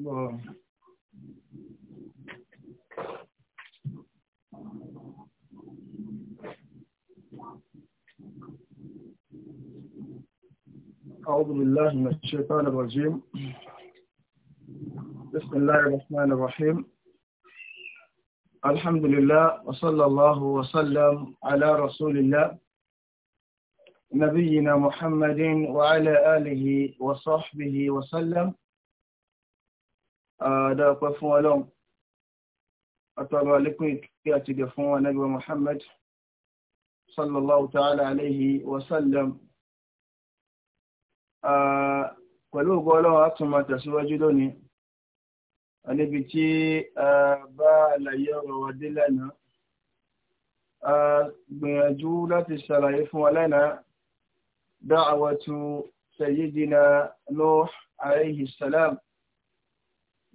آه. أعوذ بالله من الشيطان الرجيم بسم الله الرحمن الرحيم الحمد لله وصلى الله وسلم على رسول الله نبينا محمد وعلى آله وصحبه وسلم adáwọ̀pẹ́ fún ọlọ́run àtọ́rọ alékún ìkí àti gẹ̀ fún ànábì wa Muhammad sallallahu ta'ala alayhi wa sallam pẹ̀lú ògbọ́ ọlọ́run a tún máa tẹ̀síwájú lónìí níbi tí bá àlàyé ọ̀rọ̀ wa dé lánàá gbìyànjú láti ṣàlàyé fún wa lánàá da'awatu sayyidina Nuh alayhi salam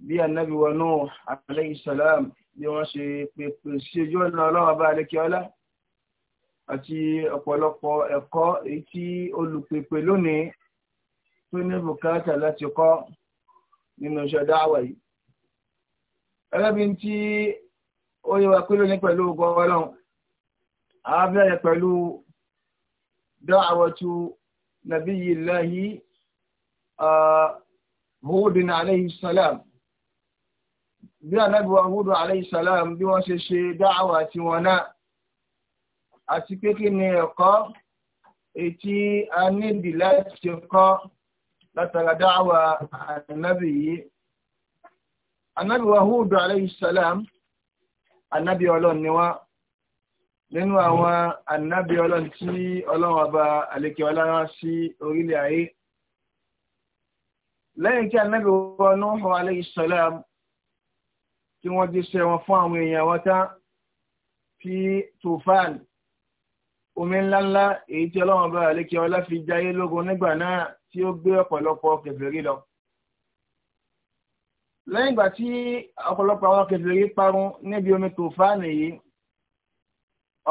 bí anabi wa Nuh alayhi salam bí wọ́n ṣe pèpè sí ojú ọ̀nà ọlọ́run bá adékẹ́ọ́lá àti ọ̀pọ̀lọpọ̀ ẹ̀kọ́ èyí tí olùpèpè lónìí tó ní bùkátà láti kọ́ nínú iṣẹ́ dáwà yìí. ẹlẹ́bi tí ó yẹ wa pé lónìí pẹ̀lú gọ́ọ̀lọ́n a bẹ̀rẹ̀ pẹ̀lú da'watu nabiyyillahi uh, Hudin alayhi salam bí anábì wa Hud alayhi salam bí wọ́n ṣe ṣe dáhàwá tiwọn náà àti pé kí ni ẹ̀kọ́ ètí a nídìí láti ṣe kọ́ látara dáhàwá anábì yìí. Anábì wa Hud alayhi salam anábì ọlọ́run ni wọ́n nínú àwọn anábì ọlọ́run tí ọlọ́run ọba àlekè ọlára sí orílẹ̀ ayé. lẹ́yìn tí anábì wa Nuhu alayhi tí wọ́n jíṣẹ́ wọn fún àwọn èèyàn wọn tán fi tufan omi ńláńlá èyí tí ọlọ́run bá àlékè ọlá fi jayé lógun nígbà náà tí ó gbé ọ̀pọ̀lọpọ̀ kèfèrí lọ. lẹ́yìn ìgbà tí ọ̀pọ̀lọpọ̀ àwọn kèfèrí parun níbi omi tufan yìí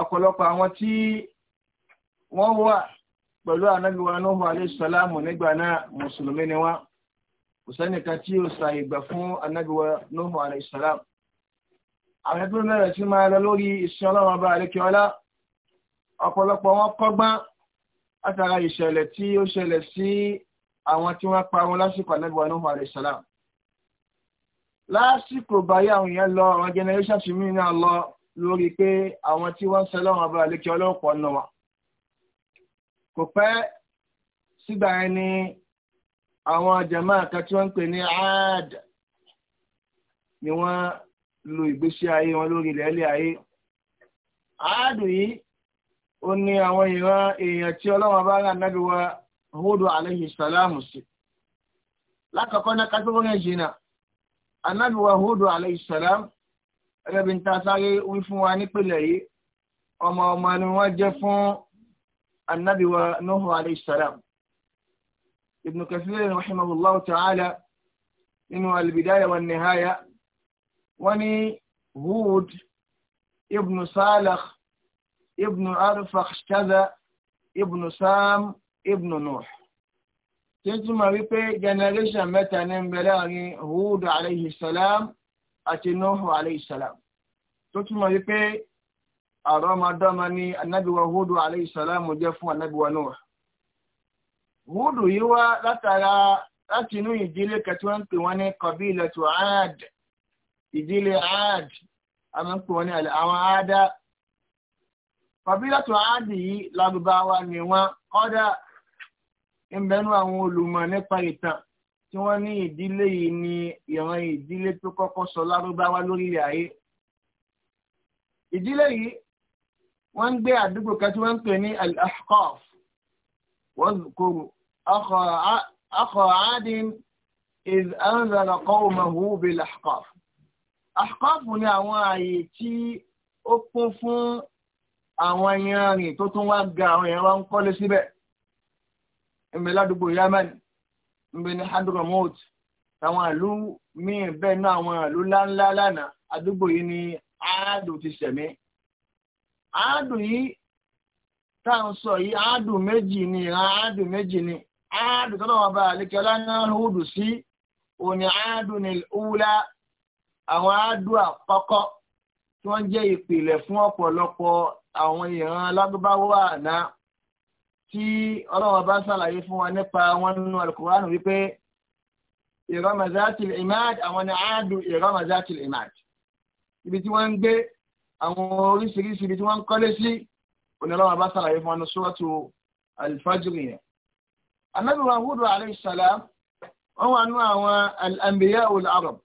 ọ̀pọ̀lọpọ̀ àwọn tí wọ́n wà pẹ̀lú ànábì wa Nuhu alayhi salamu nígbà náà mùsùlùmí ni wọ́n kò sẹ́nìkan tí yóò sa ìgbà fún anábìwá Nuhu alayhi salam àwọn ẹgbẹ́ mẹ́rẹ̀ tí máa lọ lórí iṣẹ́ ọlọ́run ọba àríkíọ́lá ọ̀pọ̀lọpọ̀ wọn kọ́gbọ́n látara ìṣẹ̀lẹ̀ tí ó ṣẹlẹ̀ sí àwọn tí wọ́n parun lásìkò anábìwá Nuhu alayhi salam lásìkò báyìí àwọn èèyàn lọ àwọn generation tí mí náà lọ lórí pé àwọn tí wọ́n ń sẹ́lọ́wọ́n ọba àríkíọ́lá ọ̀pọ̀ náà kò pẹ́ sígbà ẹni àwọn jamaa kan tí wọ́n ń pè ní aad ni wọ́n lo ìgbésí ayé wọn lórí ilẹ̀ ilé ayé aad yìí ó ní àwọn ìran èèyàn tí ọlọ́wọ́n bá rà nábì wa Hud alayhi salamu sí lákọ̀ọ́kọ́ náà kátókó yẹn jìnnà anábì wa Hud alayhi salam ẹgbẹ́ bí ta sáré wí fún wa nípìnlẹ̀ yìí ọmọ ọmọ ni wọ́n jẹ́ fún anábì wa Nuhu alayhi salam ibn kathir rahimahullah ta'ala nínú al-bidaya wa nihaya wọ́n ní hud ibn salakh ibn arfakhshada ibn sam ibn nuh tí túmọ̀ wípé generation mẹ́ta ní ń bẹ láàrin hud alayhi salam àti nuh alayhi salam tó túmọ̀ wípé àrọ́mọdọ́mọ ni anábìwá hud alayhi salam jẹ́ fún anábìwá nuh wúdù yìí wá látara láti inú ìdílé kan tí wọ́n ń pè wọ́n ní kọ̀bílẹ̀tù Aad ìdílé Aad àwọn ń pè wọ́n ní àwọn Aada kọ̀bílẹ̀tù Aad yìí Lárúbáwá ni wọ́n kọ́dà ń bẹnu àwọn olùmọ̀ nípa ìtàn tí wọ́n ní ìdílé yìí ni ìran ìdílé tó kọ́kọ́ sọ Lárúbáwá lórílẹ̀ ayé ìdílé yìí wọ́n ń gbé àdúgbò kan wọ́n ń pè ní al wọ́n kúrò. أخا عاد إذ أنزل قومه بالأحقاف أحقاف ni àwọn ààyè tí ó kún fún àwọn yanrìn tó tún wá ga àwọn èèyàn wá ń kọ́lé síbẹ̀ ìbẹ̀ ládùúgbò Yemen ìbẹ̀ ní Hadramaut àwọn àlú míì bẹ́ẹ̀ náà àwọn àlú láńlá lánàá àdúgbò yìí ni áádùn ti sẹ̀mí áádùn yìí tá ń sọ yìí áádùn méjì ni ìran áádùn méjì ni áàdù tó náà bá àlékẹ́ ọlánàá húdù sí òní áàdù ní ìhúlá àwọn áàdù àkọ́kọ́ tí wọ́n jẹ́ ìpìlẹ̀ fún ọ̀pọ̀lọpọ̀ àwọn ìran alágbábáwò àná tí ọlọ́wọ́ bá ṣàlàyé fún wa nípa wọn nínú alukóránù wípé ìrọmọzáàtìl imad àwọn ni áàdù ìrọmọzáàtìl imad ibi tí wọ́n ń gbé àwọn oríṣiríṣi ibi tí wọ́n ń kọ́lé sí òní ọlọ́wọ́ bá ṣàlàyé fún wa ní sọ́ọ̀tù alifájìrì yẹn. Ànábì wa Hud alayhi salam wọ́n wà nú àwọn al-anbiya ul-arab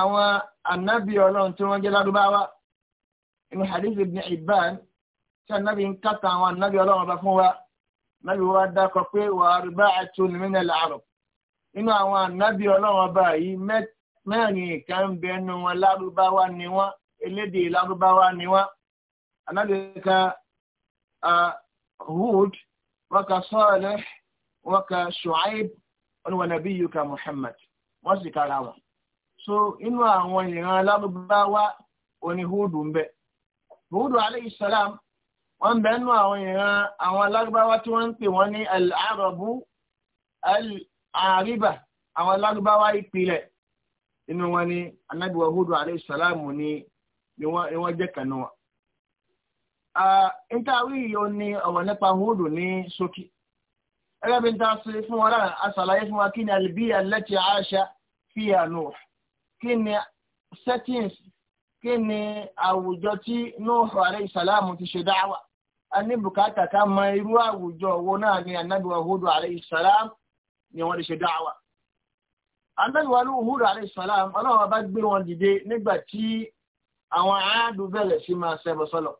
àwọn ànábì ọlọ́run tí wọ́n jẹ́ ládùbáwá inú hadith ibn Hibban tí ànábì ń kàtà àwọn ànábì ọlọ́run ọba fún wa ànábì wa dákọ̀ pé wa arba'atun min al-arab inú àwọn ànábì ọlọ́run ọba yìí mẹ́rin kan bẹ ẹnu wọn lárúbáwá ni wọ́n elédè lárúbáwá ni wọ́n ànábì kan Hud wọ́n kan Salih wọn ka Shu'aib wa nabiyyuka Muhammad wọ́n sì kára wọn. so inú àwọn ìran alárúbáwá oní Húdù ń bẹ. Húdù alayhi salam wọ́n bẹ nú àwọn ìran àwọn alárúbáwá tí wọ́n ń pè wọ́n ní al-Arabu al-Ariba àwọn alárúbáwá ìpìlẹ̀ inú wọn ni Ànábì wa Húdù alayhi salam ni wọ́n jẹ́ kànú wọn. Ah, nta wíyọ ni ọ̀rọ̀ nípa Húdù ní ṣókí ẹgbẹ́ bí n ta ṣe fún wa lára aṣàlàyé fún wa kí ni àlùbíyà allati aasha fiha Nuh kí ni settings kí ni àwùjọ tí Nuh alayhi salamu ti ṣe dáwà a ní bùkátà ká mọ irú àwùjọ owó náà ni Ànábì wa Hud alayhi salam ni wọ́n ti ṣe dáwà. Ànábì wa Hud alayhi salam bá gbé wọn dìde nígbà tí àwọn aádu bẹ̀rẹ̀ sí máa ṣẹbọ sọ́lọ̀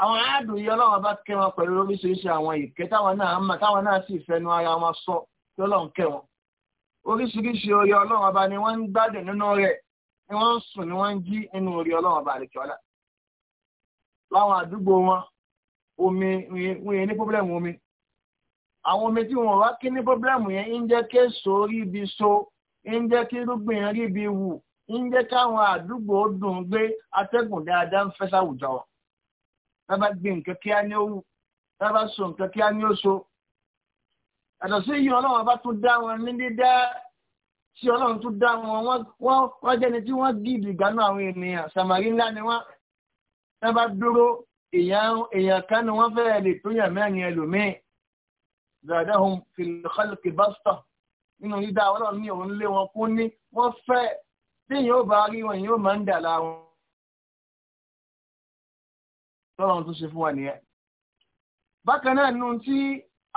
àwọn aráàdùn yìí ọlọ́run bá kẹ́ wọn pẹ̀lú oríṣiríṣi àwọn ìkẹ́ táwọn náà mọ̀ táwọn náà sì fẹnu ara wọn sọ kí ọlọ́run kẹ́ wọn oríṣiríṣi oore ọlọ́run ọba ni wọ́n ń gbádùn nínú rẹ̀ ni wọ́n ń sùn ni wọ́n ń jí nínú oore ọlọ́run ọba àlekíọ́lá láwọn àdúgbò wọn omi wọn yẹn ní pọ́blẹ́mù omi àwọn omi tí wọn wá kí ní pọ́blẹ́mù yẹn ń jẹ́ kí èso rí ibi so ń jẹ́ kí irúgbìn rí ibi wù ń jẹ́ káwọn àdúgbò dùn gbé atẹ́gùn dáadáa ń fẹ́ sáwùjọ wọn tá bá gbé nǹkan kíá ní òwú tá bá so nǹkan kíá ní òso àtọ̀ sí yìí ọlọ́run bá tún dá wọn ní dídá tí ọlọ́run tún dá wọn wọ́n jẹ́ni tí wọ́n dìbì gánú àwọn ènìyàn sàmárì ńlá ni wọ́n tá bá dúró èèyàn kan ni wọ́n fẹ́ẹ́ lè tó yàn mẹ́rin ẹlòmíì zadahum fil khalqi basta nínú dídá ọlọ́run ní òun lé wọn kún ní wọ́n fẹ́ tí yóò bá rí wọn yóò máa ń dà láwọn tọ́lọ́run tó ṣe fún wa nìyẹn. bákan náà nù tí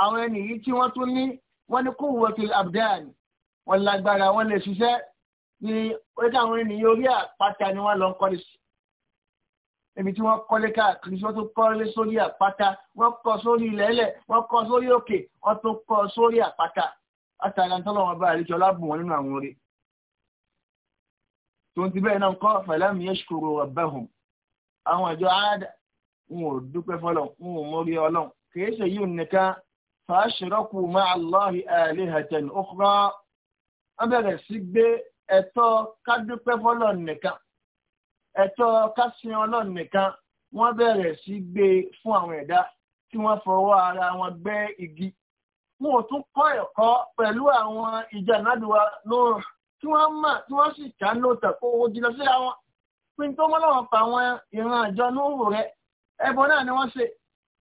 àwọn ẹni yìí tí wọ́n tún ní wọ́n ní kó wọ́n ti abdan wọ́n lágbára wọ́n lè ṣiṣẹ́ ní oríkà àwọn ènìyàn orí àpáta ni wọ́n lọ ń kọ́lé sí. èmi tí wọ́n kọ́lé káàkiri wọ́n tún kọ́lé sórí àpáta wọ́n kọ́ sórí ilẹ̀ẹ́lẹ̀ wọ́n kọ́ sórí òkè wọ́n tún kọ́ sórí àpáta látara tọ́lọ́wọ́n bá àríjọ lábùn wọn nínú àwọn orí. tó ti bẹ́ẹ̀ náà kọ́ falam yashkuru rabbahum àwọn ìjọ n ò dúpẹ́ fọlọ́ n ò mórí ọlọ́run kìí ṣe yìí nìkan fàáṣìrọ́kù máa Allahi alihatan ukhra wọ́n bẹ̀rẹ̀ sí gbé ẹ̀tọ́ kádúpẹ́ fọlọ́ nìkan ẹ̀tọ́ kásìn ọlọ́run nìkan wọ́n bẹ̀rẹ̀ sí gbé fún àwọn ẹ̀dá tí wọ́n fọwọ́ ara wọn gbẹ́ igi wọn ò tún kọ́ ẹ̀kọ́ pẹ̀lú àwọn ìjà nádùúwà lóòrùn tí wọ́n mà tí wọ́n sì ẹbọ náà ni wọ́n ṣe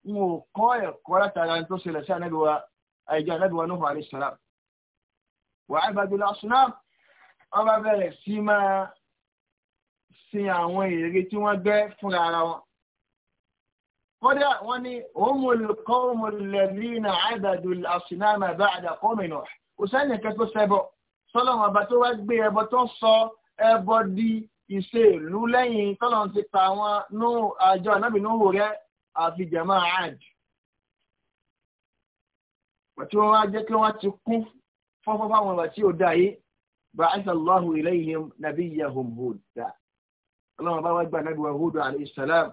wọn ò kọ́ ẹ̀kọ́ látara tó ṣẹlẹ̀ sí anábìwa àìjọ anábìwa Nuhu alayhi salam wà á bá dúró aṣọ náà wọ́n bá bẹ̀rẹ̀ sí máa sin àwọn ère tí wọ́n gbẹ́ fúnra ara wọn kódà wọ́n ní òmùlùkọ́ òmùlẹ̀lì náà àìbàdù àṣìnáàmà bá àdàkọ́ mìíràn kò sẹ́ni kẹ́tọ́ sẹ́bọ̀ tó wá gbé ẹbọ tó sọ ẹbọ di ìṣe ìlú lẹ́yìn tọ́lọ̀ ti pa àwọn nú àjọ ànábì Nuhu rẹ́ àfi jẹ̀mọ́ Ad. Bàtí wọ́n wá jẹ́ kí wọ́n ti kú fọ́fọ́ fáwọn bàtí ò dá yìí. Ba'atha Allahu ilayhim nabiyyahum Hudda. Ọlọ́run bá wá gba ànábì wa Hud alayhi salam.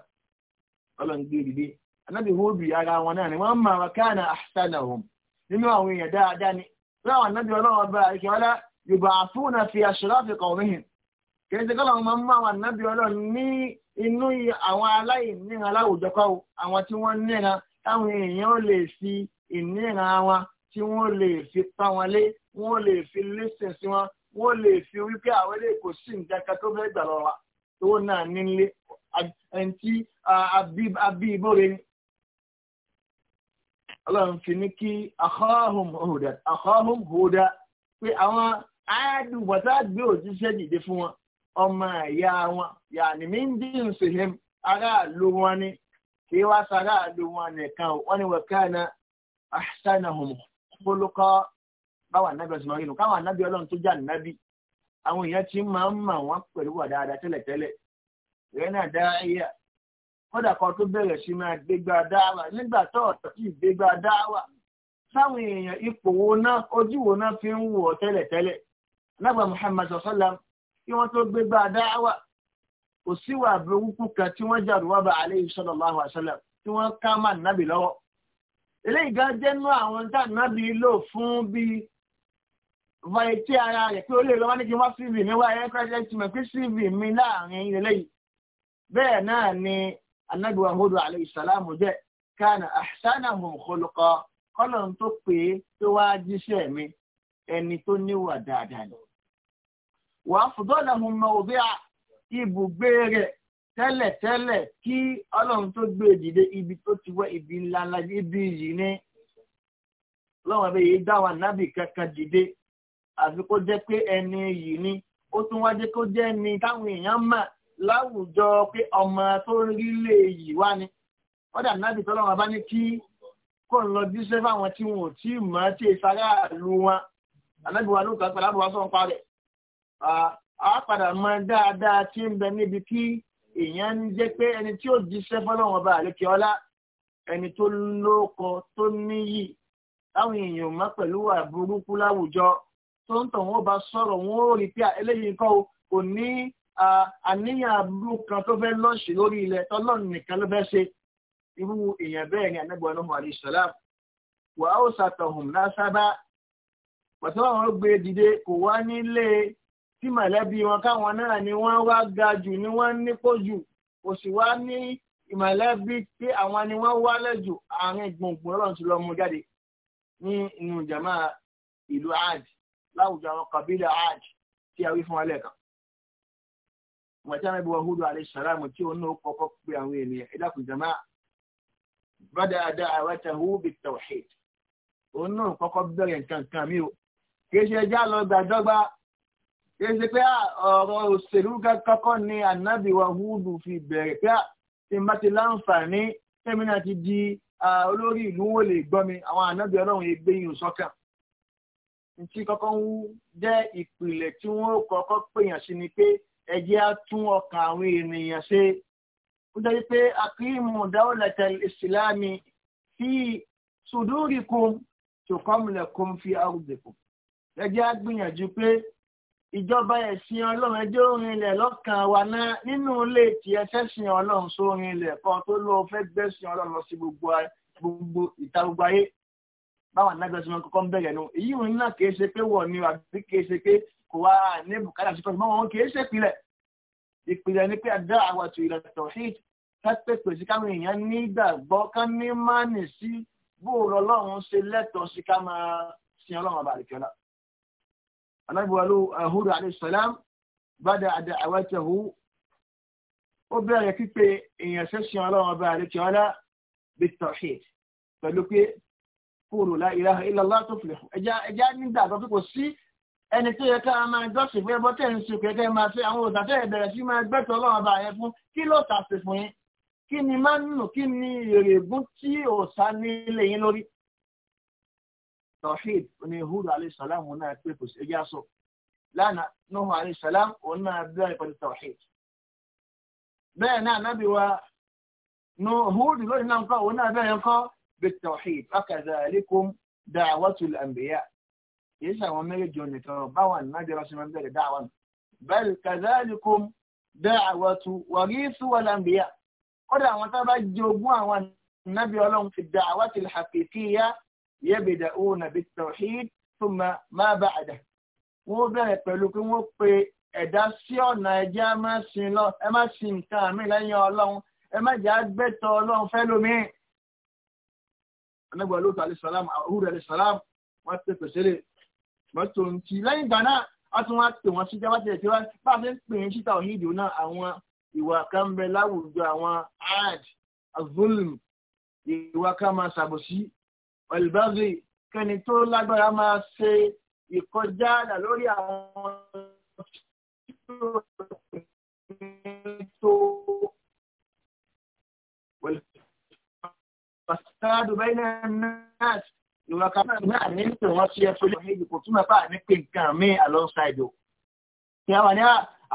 Ọlọ́run gbé e dìde. Ànábì Hud ara wọn náà ni wọ́n mọ̀ wọn kana ahsanahum. Nínú àwọn èèyàn dáadáa ni. Bí ànábì ọlọ́run bá ìkẹ́ ọlá yub'athuna fi ashraf qawmihim kẹsì kọ́ làwọn máa ń mú àwọn ànábì ọlọ́run ní inú àwọn aláìníran láwùjọ kọ́ o àwọn tí wọ́n níran táwọn èèyàn lè fi ìníran wọn tí wọ́n lè fi pa wọn lé wọ́n lè fi lẹ́sìn sí wọn wọ́n lè fi wípé àwọn ilé kò sí nǹkan tó fẹ́ gbà lọ́wọ́ tó náà nílé ẹni tí abí ọlọ́run fi ní kí akhahum huda pé àwọn àádùn bọ̀tá gbé òjíṣẹ́ dìde fún wọn. ọmọ ẹ̀yà wọn yàní mí ń dín sèhém aráàlú wọn ni kì í wá sàráàlú wọn nìkan wọn ni wọ́n kana ahsanahum khuluqa báwọn anábì ọ̀sán ọ̀rìn nù káwọn anábì ọlọ́run tó jà nábì àwọn èèyàn ti máa ń mà wọ́n pẹ̀lú wà dáadáa tẹ́lẹ̀tẹ́lẹ̀ ìrẹ́ náà dá kódà kan tó bẹ̀rẹ̀ sí máa dáwà nígbà tó fi ń wò kí wọ́n tó gbé gbá dáwà kò síwà burúkú kan tí wọ́n jà rúwà bá alayhi sallallahu alaihi wasallam tí wọ́n ká má nábì lọ́wọ́. eléyìí gan jẹ́nu àwọn tá nábì lò fún bí vaití ara rẹ̀ pé ó lè lọ́wọ́ ní kí wọ́n cv mi wá ẹ̀rẹ́ president mi pé cv mi láàrin eléyìí. bẹ́ẹ̀ náà ni anábì wa Hud alayhi salam jẹ́ kana ahsanahum khuluqa kọ́lọ̀ tó pé tó wá jíṣẹ́ mi ẹni tó níwà dáadáa وأفضلهم موضع ibùgbé rẹ̀ tẹ́lẹ̀tẹ́lẹ̀ kí ọlọ́run tó gbé dìde ibi tó ti wá ibi ńlá ńlá ibi yìí ní lọ́wọ́ ẹ̀bẹ̀ yìí dá wọn nábì kankan dìde àfi kó jẹ́ pé ẹni yìí ni ó tún wá jẹ́ kó jẹ́ ni táwọn èèyàn mọ̀ láwùjọ pé ọmọ tó rí lè yìí wá ni wọ́n nábì tó lọ́wọ́ bá ní kí kó ń lọ jíṣẹ́ fáwọn tí wọn ò tí ì mọ̀ tí ìsáré àlù wọn ànábì wa ló kàn pẹ̀lú àbúrò wa sọ̀rọ̀ pa rẹ̀. a padà mọ dáadáa tí ń bẹ níbi kí èèyàn ń eni pé ẹni tí ó jíṣẹ́ fọlọ́wọ́n bá àlékè ọlá ẹni tó lóko tó níyì táwọn èèyàn mọ́ pẹ̀lú àbúrúkú láwùjọ tó ń tàn wọ́n bá sọ̀rọ̀ wọ́n ó rí pé eléyìí kan kò ní àníyàn àbúrú kan tó fẹ́ lọ́ọ̀ṣì lórí ilẹ̀ tọ́lọ́ọ̀nù nìkan ló fẹ́ ṣe irú èèyàn bẹ́ẹ̀ ni anábọ̀ ọlọ́mọ àlè tí mọ̀lẹ́bí wọn káwọn náà ni wọ́n wá ga jù ni wọ́n nípò jù kò sì wá ní ìmọ̀lẹ́bí tí àwọn ni wọ́n wálẹ̀ jù àárín gbùngbùn ọlọ́run ti lọ mú jáde ní inú jàmá ìlú Ad láwùjọ àwọn kabila Ad tí a wí fún wa lẹ́ẹ̀kan. wọ́n ti rán ibi wọ́n húdù alayhi salamu tí òun náà kọ́kọ́ pé àwọn ènìyàn ẹ̀dá kù jàmá bada da'watahu bit-tawhid òun náà kọ́kọ́ bẹ̀rẹ̀ nǹkan kan mi o kì í ṣe ẹjá lọ gbàdọ́gba ṣe pé ọ̀rọ̀ òṣèlú kankan ni ànábì wa húdù fi bẹ̀rẹ̀ pé ṣe má ti láǹfààní tẹ́mi náà ti di olórí ìlú wo lè gbọ́ mi àwọn ànábì ọlọ́run yìí gbé yìí sọ́kàn. Ntí kọ́kọ́ ń jẹ́ ìpìlẹ̀ tí wọ́n kọ́kọ́ pèèyàn sí ni pé ẹ jẹ́ á tún ọkàn àwọn ènìyàn ṣe. Ó jẹ́ pé akíìmù dáwọ́lẹ̀tẹ̀ ìsìlámi fi sùdúrì kún tòkọ́mùlẹ̀ kún fi àrùbẹ̀kùn ìjọba ẹ̀sìn ọlọ́run ẹjọ́ orin ilẹ̀ lọ́kàn wa náà nínú ilé tí ẹsẹ̀ sìn ọlọ́run sórin ilẹ̀ kan tó lọ fẹ́ gbẹ́sìn ọlọ́run lọ sí gbogbo ìta gbogbo ayé báwọn anágbèsè wọn kọ́kọ́ ń bẹ̀rẹ̀ nu èyí òun náà kìí ṣe pé wọ̀ ni àbí kìí ṣe pé kò wá ní bùkátà sí pẹ̀lú wọn kìí ṣe ìpìlẹ̀ ìpìlẹ̀ ni pé àdá àwọn àti ìlà tọ̀hìd kápẹ́pẹ́ sí káwọn èèyàn ní ká ní mánì sí bóòrọ̀ ọlọ́run ṣe lẹ́tọ̀ọ́ sí ká máa sin ọlọ́run àbàlẹ̀kẹ́lá alábùwálú ahudu eh, aleyhisselam bada da'awatahu ó bẹ̀rẹ̀ pípé èèyàn sẹ́sìn ọlọ́run على àlekíọ́lá bit-tawhid pẹ̀lú pé kúrò la ilaha illallah tuflihu ẹja nígbà tó kò sí ẹni tó yẹ ká máa jọ́sìn fún ẹbọ tẹ̀ ń ṣe kẹ̀kẹ́ máa ṣe àwọn òdàtẹ́ ìbẹ̀rẹ̀ sí máa gbẹ́tọ̀ ọlọ́run ọba yẹn fún kí ló tàṣe fún yín kí ni máa nù kí ni èrè ègún tí òòsà ní ilé yín lórí توحيد ان يهود عليه السلام وانا كيفوس اجاسو لا نوح عليه السلام وانا داي بل التوحيد ما نا نبي و نوهود يقول انا نقا وانا داي بالتوحيد اكذلكم دعوة الانبياء يسا ومجد جوني كربوان ما دي رسم انبياء دعوة بل كذلكم دعوة وغيث والانبياء قد انا تبا جوبوان نبي الله في الدعوات الحقيقية يبدأون بالتوحيد ثم ما بعده ba'dah wọ́n bẹ̀rẹ̀ pẹ̀lú pé wọ́n pe ẹ̀dá sí ọ̀nà ẹ̀jẹ̀ ẹ má sin lọ ẹ má sin nǹkan àmì lẹ́yìn ọlọ́run ẹ má jẹ́ àgbẹ̀tọ̀ ọlọ́run fẹ́ lómi. anábọ̀ lóòtú alayisalaam ahuru alayisalaam wọ́n ti pèsè lè mọ́tò ń ti lẹ́yìn ìgbà náà wọ́n tún wá pè wọ́n sí jábá tiẹ̀ wọ́n bá fi ń pè é síta òhìndì náà àwọn ìwà kan bẹ láwùjọ àwọn ad ọ̀lùbáàgì kẹ́ni tó lágbára máa ṣe ìkọjá àlà lórí àwọn tó fasadu bẹ́ẹ̀ni náàs ìwà kan náà ní pé wọ́n ṣe ẹ̀fọ́ ilé ìdí kò túmọ̀ pa ní pé nǹkan mi alongside o. Kí a wà ní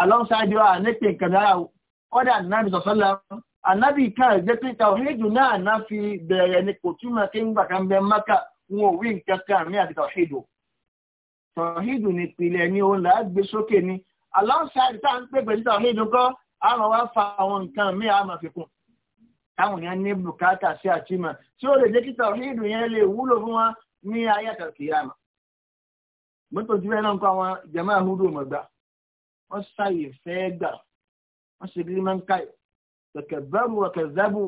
alongside o à ní pé nǹkan dára o. Kọ́dà náà ní sọ̀sọ́ ànábì ká ẹ̀jẹ́ pé tàwíìdù náà ná fi bẹ̀rẹ̀ ni kò túmọ̀ kí ń gbàkan bẹ mọ́kà wọn ò rí nǹkan kan ní àti tàwíìdù tàwíìdù ni ìpìlẹ̀ ni òun là á gbé sókè ni aláǹsáàdì tá à ń pè pẹ̀lú tàwíìdù kọ́ àrùn wa fa àwọn nǹkan míì àmọ̀ fi kún táwọn yẹn ní bùkátà sí àtìmọ̀ tí ó lè jẹ́ kí tàwíìdù yẹn lè wúlò fún wa ní ayé àtàkìyàmà mọ́tò tí bẹ́ẹ̀ náà ń kọ́ àwọn kẹkẹbẹrù ọkẹzẹbù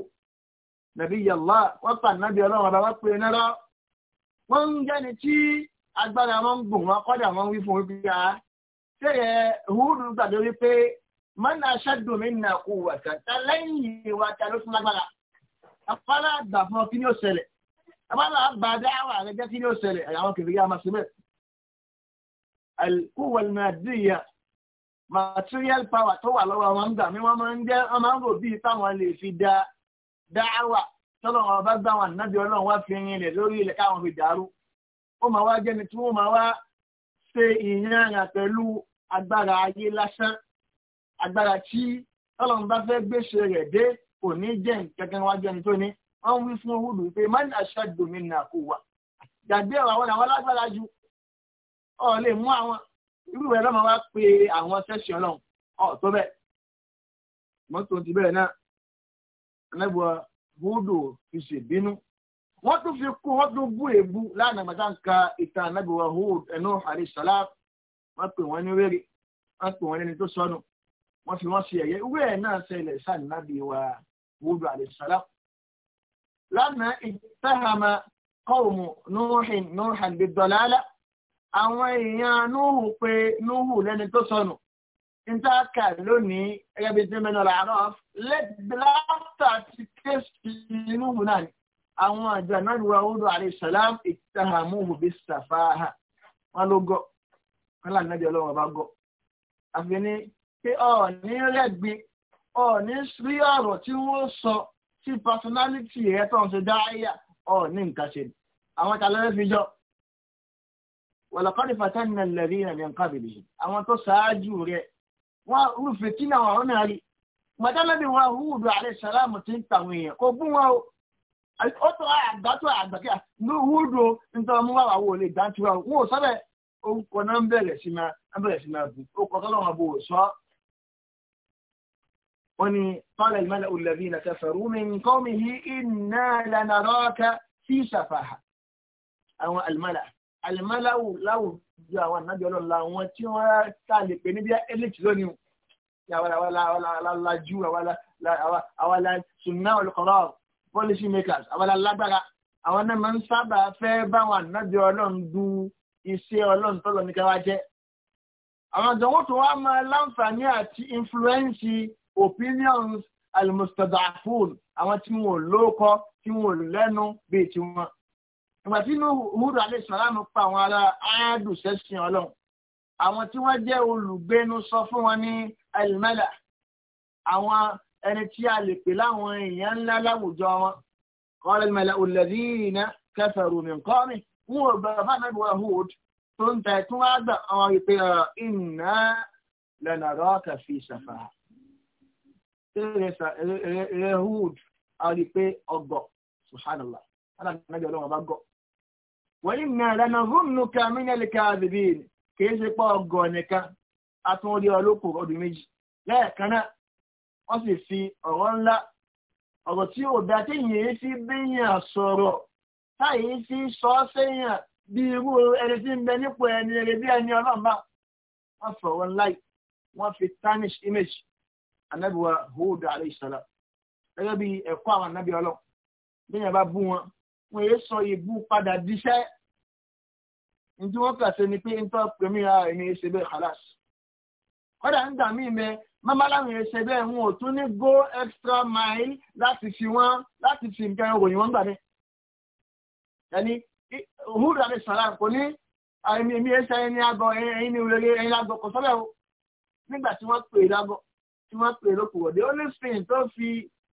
نبي الله wọn pa الله Ọlọ́run ọba wọn pè nírọ́ wọn ń jẹni tí agbára wọn ń gbùn wọn kọdà wọn wí fún wọn bíyà sẹyẹ húdù gbàdé wípé mọ́nà aṣáájú mi nà kú wàtà tá lẹ́yìn wàtà ló fún lágbára afárá àgbà fún ọ kí ni afárá àgbà dáhà rẹ jẹ́ kí ni ó ṣẹlẹ̀ kìrìyà máa ṣe bẹ́ẹ̀. القوة المادية material power tó wà lọ́wọ́ wọn gbà mí wọ́n máa ń jẹ́ wọ́n máa ń rò bíi táwọn lè fi da dáhàwà tọ́lọ̀ wọn bá gbà wọn nábì ọlọ́run wá fi rin ilẹ̀ lórí ilẹ̀ káwọn fi dàrú ó máa wá jẹ́ni tí wọ́n máa wá ṣe ìyànrà pẹ̀lú agbára ayé lásán agbára tí tọ́lọ̀ ń bá fẹ́ gbèsè rẹ̀ dé kò ní jẹ́ nǹkan wá jẹ́ni tó ní wọ́n wí fún húdù pé man ashaddu minna quwwa gbàgbé ọ̀rọ̀ àwọn àwọn alágbára ju ọ̀ lè mú àwọn irú rẹ̀ lọ́mọ wá pé àwọn sẹ́ṣin ọlọ́run ọ̀ tó bẹ́ẹ̀ mọ́tò ti bẹ́ẹ̀ náà ẹlẹ́bùọ́ búdò fi ṣèbínú wọ́n tún fi kú wọ́n tún bú èébú lánàá gbàtà ń ka ìtàn ẹlẹ́bùọ́ Hud ẹnu àríṣàlá wọ́n pè wọ́n ní wẹ́rẹ́ wọ́n pè wọ́n ní ẹni tó sọnù wọ́n fi wọ́n ṣe ẹ̀yẹ ìwé ẹ̀ náà ṣẹlẹ̀ sáà nàbí wa Hud àríṣàlá lánàá ìtàhàmà qawmu Nuhin àwọn èèyàn núhù pé núhù lẹ́ni tó sọnù ìtàkà lónìí ẹgbẹ́ bíi tẹ́mẹ́ náà làárọ̀ látà ti ké sí núhù náà ni àwọn àjọ ànáàdúrà ọdọ àlẹ́sàlám ìtàhàmúhù bí sàfáhà wọn ló gọ wọn là nàbí ọlọ́wọ́n bá gọ. àfẹ́ni pé ọ̀ọ́ni rẹ̀gbin ọ̀ọ́ni rí ọ̀rọ̀ tí wọ́n sọ sí pásọ̀nálítì ẹ̀ tó ń ṣe dáhìyà ọ̀ọ́ni nǹkan ṣe àwọn tàlẹ́rẹ́ fi jọ wàlàkọ́dì fatanna alladhina min qablihim àwọn tó ṣáájú rẹ̀ wọ́n rúfin tí náà wọ́n náà rí mọ̀tálẹ́bí wa Hud alayhi salam ti ń tàwọn èèyàn kò gún wọn o ó tọ́ àgbàtọ́ àgbàkíyà ní Hud nítorí wọn wà wò lè dáńtì wa wọn ò sábẹ́ orúkọ náà ń bẹ̀rẹ̀ sí máa ń bẹ̀rẹ̀ sí máa bù ó kọ́ tọ́lọ́ wọn bò ó sọ. wọ́n ní qala al-mala'u alladhina kafaru min qawmihi inna lanaraka fi safaha àwọn al àlìmáláwù láwù ju àwọn ànábì ọlọ́run la wọn tí wọ́n ká lè pè níbi elite lónìí o àwọn alájú àwọn sunna olùkọ́rọ̀ policy makers àwọn alágbára àwọn náà máa ń sábà fẹ́ báwọn ànábì ọlọ́run du iṣẹ́ ọlọ́run tọ́lọ́ ní káwá jẹ́ àwọn àjọwọ́ tó wá máa láǹfààní àti influence opinions almustadafun àwọn tí wọn ò lóókọ tí wọn ò lẹ́nu bíi tiwọn ìgbà tí Húdù alẹ́ sàlámù pa àwọn ará áádù sẹ́sìn ọlọ́run àwọn tí wọ́n jẹ́ olùgbénu sọ fún wọn ní alimẹ́là àwọn ẹni tí a lè pè láwọn èèyàn ńlá láwùjọ wọn qala al-mala'u alladhina kafaru min qawmi wọn ò bẹ̀rẹ̀ fún àmì ìwà Húdù tó ń tẹ̀ tún wá gbà àwọn ìpè inna lanaraka fi safaha. Eré Húdù àwọn ìpè ọgọ̀ subhanallah alábìnrin ọlọ́run ọba wọ́n yìí náà lẹ́nu rúnnù kàmínẹ́lì káàbìbì kìí ṣe pọ̀ ọgọ̀ nìkan atún orí ọlọ́kùn ọdún méjì lẹ́ẹ̀kan náà wọ́n sì fi ọ̀rọ̀ ńlá ọ̀rọ̀ tí ò dá tí yìí fi bíyàn sọ̀rọ̀ táyìí fi sọ sẹ́yìn bí irú ẹni tí ń bẹ nípò ẹni rẹ bí ẹni ọlọ́mà wọ́n sọ̀rọ̀ ńlá wọ́n fi tarnish image anábìwá Hud alayhi salam gẹ́gẹ́ bí ẹ̀kọ́ àwọn anábì ọlọ́ bí yẹn bá bú wọn wọ́n yé sọ ìbú padà díṣẹ́ ntí wọ́n kà sí ni pé ntọ́ pèmí ara ẹ̀mí ṣe bẹ́ẹ̀ kálás kọ́dà ń gbà mí mẹ́ mọ́mọ́láwọn yẹn ṣe bẹ́ẹ̀ wọn ò tún ní go extra mile láti fi wọ́n láti fi nǹkan ìròyìn wọn gbà bẹ́ẹ̀ yẹni òhúrò àti sàlám kò ní àìmí èmi ẹsẹ ẹni àgọ ẹyin ní ìrẹ̀lẹ̀ ẹyin àgọ kò sọlẹ o nígbà tí wọ́n pè lágọ tí wọ́n pè lókùwọde ó ní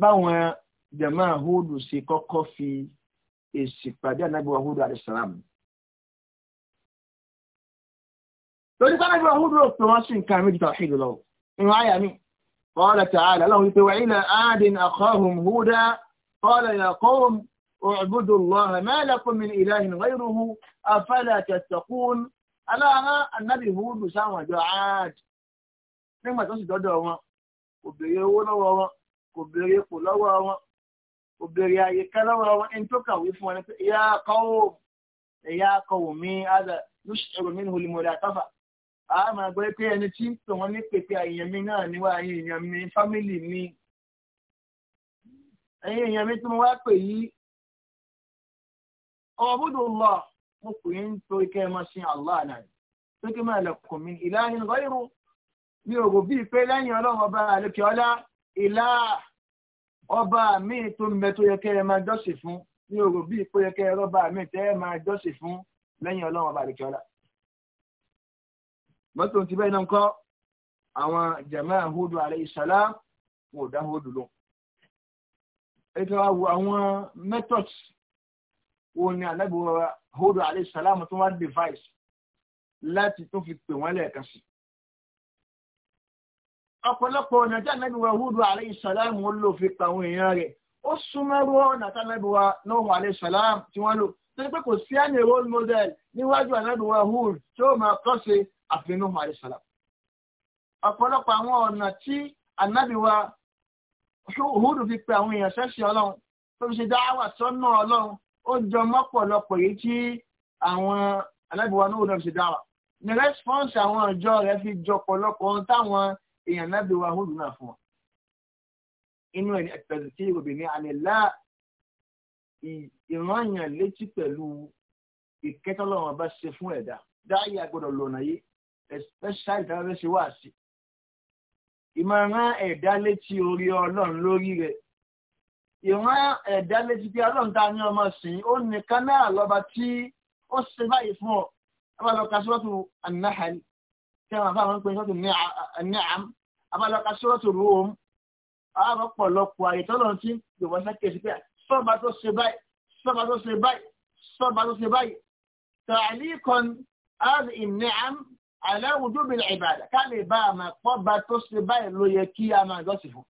báwọn jama hóòdù ṣe kọ́kọ́ fi èsì pàdé ànágbèwà hóòdù àdìsàlámù. lórí ànágbèwà hóòdù ò pè wọ́n sí nǹkan méjì tàwáhídù lọ ìwọ̀n àyà mi qala ta'ala lọ́wọ́ wípé wa ila adin akhahum huda qala ya qawm اعبدوا الله ما لكم من إله غيره أفلا تتقون aláàrán ànábì húdù sáwọn ìjọ áàdì nígbà tó sì dọ́dọ̀ wọn kò owó lọ́wọ́ wọn kò béèrè ipò lọ́wọ́ wọn kò béèrè àyè ká lọ́wọ́ wọn ẹni tó kàwé fún wọn ni pé ìyá akọ́wò ìyá akọ́wò mi ada lóṣèlú mi nìhun limọ̀ àtàfà a máa gbọ́ pé ẹni tí ń tọ̀ wọ́n ní pèpè àyàn mi náà níwá àyàn èèyàn mi fámìlì mi ẹ̀yin èèyàn mi tí mo wá pè yí ọmọ búdò lọ mo pè é nítorí kẹ́ ẹ máa sin Allah náà pé kí máa lẹ̀kùn mi ìlànà ìlọ́yìnrún mi ò rò bíi pé lẹ́yìn ọlọ́run ọba àlekè ọlá ìlà ọba mi tó ń bẹ tó yẹ kẹ́ ẹ máa jọ́sìn fún ní òrò bíi pé yẹ kẹ́ ẹ rọ́bà mi tẹ́ ẹ máa jọ́sìn fún lẹ́yìn ọlọ́run ọba àdìkọ́lá. mọ́tò ti bẹ́ẹ̀ náà ń kọ́ àwọn jàmáà Húdù alayhi salam wọn ò dá Húdù lọ. ètò àwọ̀ àwọn methods wo ni alábòwò Húdù alayhi salam tó wá device láti tó fi pè wọ́n lẹ́ẹ̀kan sí i ọ̀pọ̀lọpọ̀ ọ̀nà tí anábìwá Húdù alayhi salam ń lò fi pa àwọn èèyàn rẹ̀ ó súnmọ́rú ọ̀nà tí anábìwá Nuhu alayhi salam tí wọ́n lò tó pé kò sí àmì role model níwájú anábìwá Húdù tí ó máa kọ́ sí àfi Nuhu alayhi salam. ọ̀pọ̀lọpọ̀ àwọn ọ̀nà tí anábìwá Húdù fi pa àwọn èèyàn sẹ́sì ọlọ́run tó fi ṣe dáhàwà sọ́nà ọlọ́run ó jọ èèyàn lábẹ́ wa hóòdù náà fún wa ẹni àtẹ̀sí sí obìnrin àlélá ìrànyàn létí pẹ̀lú ìkẹ́tọ́lọ́wọ́n bá ṣe fún ẹ̀dá dáyé agbọ́dọ̀ lọ́nà yé especially tí a fẹ́ ṣe wá sí ìmọ̀ràn ẹ̀dá létí orí ọlọ́run lórí rẹ̀ ìran ẹ̀dá létí pé ọlọ́run tá a ní ọmọ sìn ó nìkan náà lọ́ba tí ó ṣe báyìí fún ọ ẹ bá lọ tẹ́wọ̀n àfáwọn ń pè sọ́tù ní àm abálọ́ka sọ́tù rúhùn àbọ̀pọ̀lọpọ̀ àyètọ́lọ̀ tí yorùbá sáké sí pé sọ́ba tó ṣe báyìí sọ́ba tó ṣe báyìí sọ́ba tó ṣe báyìí tààlí kan áàzì ìní àm aláwùjọ bìlẹ̀ ká lè bá àmà pọ́ba tó ṣe báyìí ló yẹ kí a máa gọ́sì fún.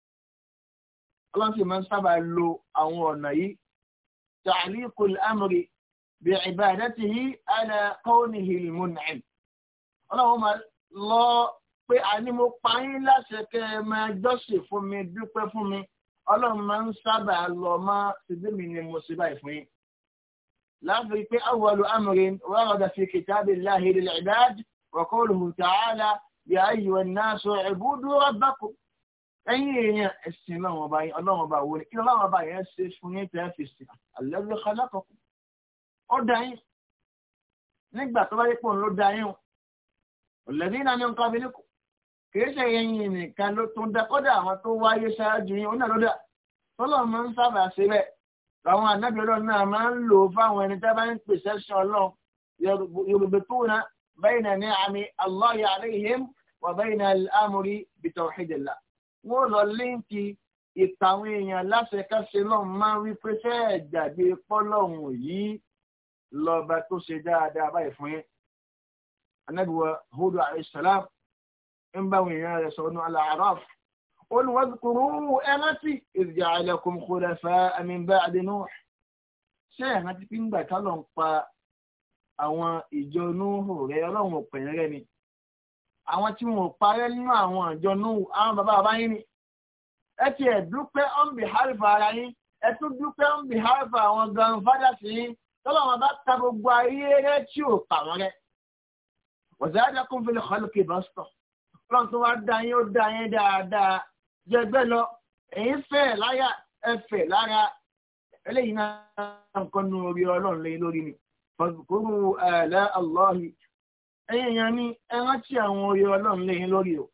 ọlọ́run sì máa ń sábà lo àwọn ọ̀nà yìí tààlí kùl amri bí ìbàdà ti yí àlà kọ́ọ̀nì lọ pé àní mo pa yín láṣẹ kẹ́ ẹ máa jọ́sìn fún mi dúpẹ́ fún mi ọlọ́run máa ń sábà lọ mọ́ síbími ni mo ṣe báyìí fún yín. láti pé awwalu amrin warada fi kitabillahi lil ibad wa qawluhu ta'ala ya ayyuhan nasu ubudu rabbakum ẹ̀yin èèyàn ẹ̀sìn náà wọn bá yín ọlọ́run bá wọlé kí ọlọ́run bá yẹn ṣe fún yín tẹ́ fi sìn alladhi khalaqakum ó dá yín nígbà tó bá yẹ pé ló dá yín o alladhina min qablikum kìí ṣe ẹ̀yin nìkan ló tún dá kódà àwọn tó wáyé ṣáájú yín ọ̀nà ló dà tọ́lọ̀ máa ń sábà ṣe bẹ́ẹ̀ àwọn ànábì ọlọ́run náà máa ń lò fáwọn ẹni tí a bá ń pèsè ṣan ọlọ́run yorùbá tó na bayna ni'ami Allahi alayhim wa bayna al-amri bi tawhidillah wọ́n lọ líǹkì ìtàwọn èèyàn láṣẹ káṣe lọ́run máa ń wí pé ṣẹ́ẹ̀dàgbé pọ́lọ́hùn yìí lọ́ba tó ṣe dáadáa báyìí fún yín anábìwọ̀ hudu alayhisalam ń bá wọn èèyàn rẹ̀ sọ̀rọ̀ al-A'raf olùwàzùkúrú ẹ̀rántí ìrìjà alẹ́kùn kòlẹ̀fà àmìbá àdínú ṣé ẹ̀rántí fi ń gbà tá lọ́n pa àwọn ìjọ núhù rẹ ọlọ́run òpin rẹ ni àwọn tí wọn ò parẹ́ nínú àwọn ìjọ núhù àwọn bàbá bàbá yín ni ẹ ti ẹ̀ dúpẹ́ ọ̀n bì hálìfà ara yín ẹ tún dúpẹ́ ọ̀n bì hálìfà àwọn grandfathers yín tọ́lọ́wọ́n bá ta gbogbo ayé rẹ tí ò pa wọ́n rẹ́ wazadakum fil khalqi basta ọlọ́run tó wá dá yín ó dá yín dáadáa jẹgbẹ́ lọ èyí fẹ́ láyà ẹfẹ̀ lára eléyìí náà nǹkan nu orí ọlọ́run lé lórí ni fọ̀sùkúrú ẹ̀lẹ́ àlọ́hì ẹ̀yìn èèyàn ní ẹ rántí àwọn orí ọlọ́run lé lórí o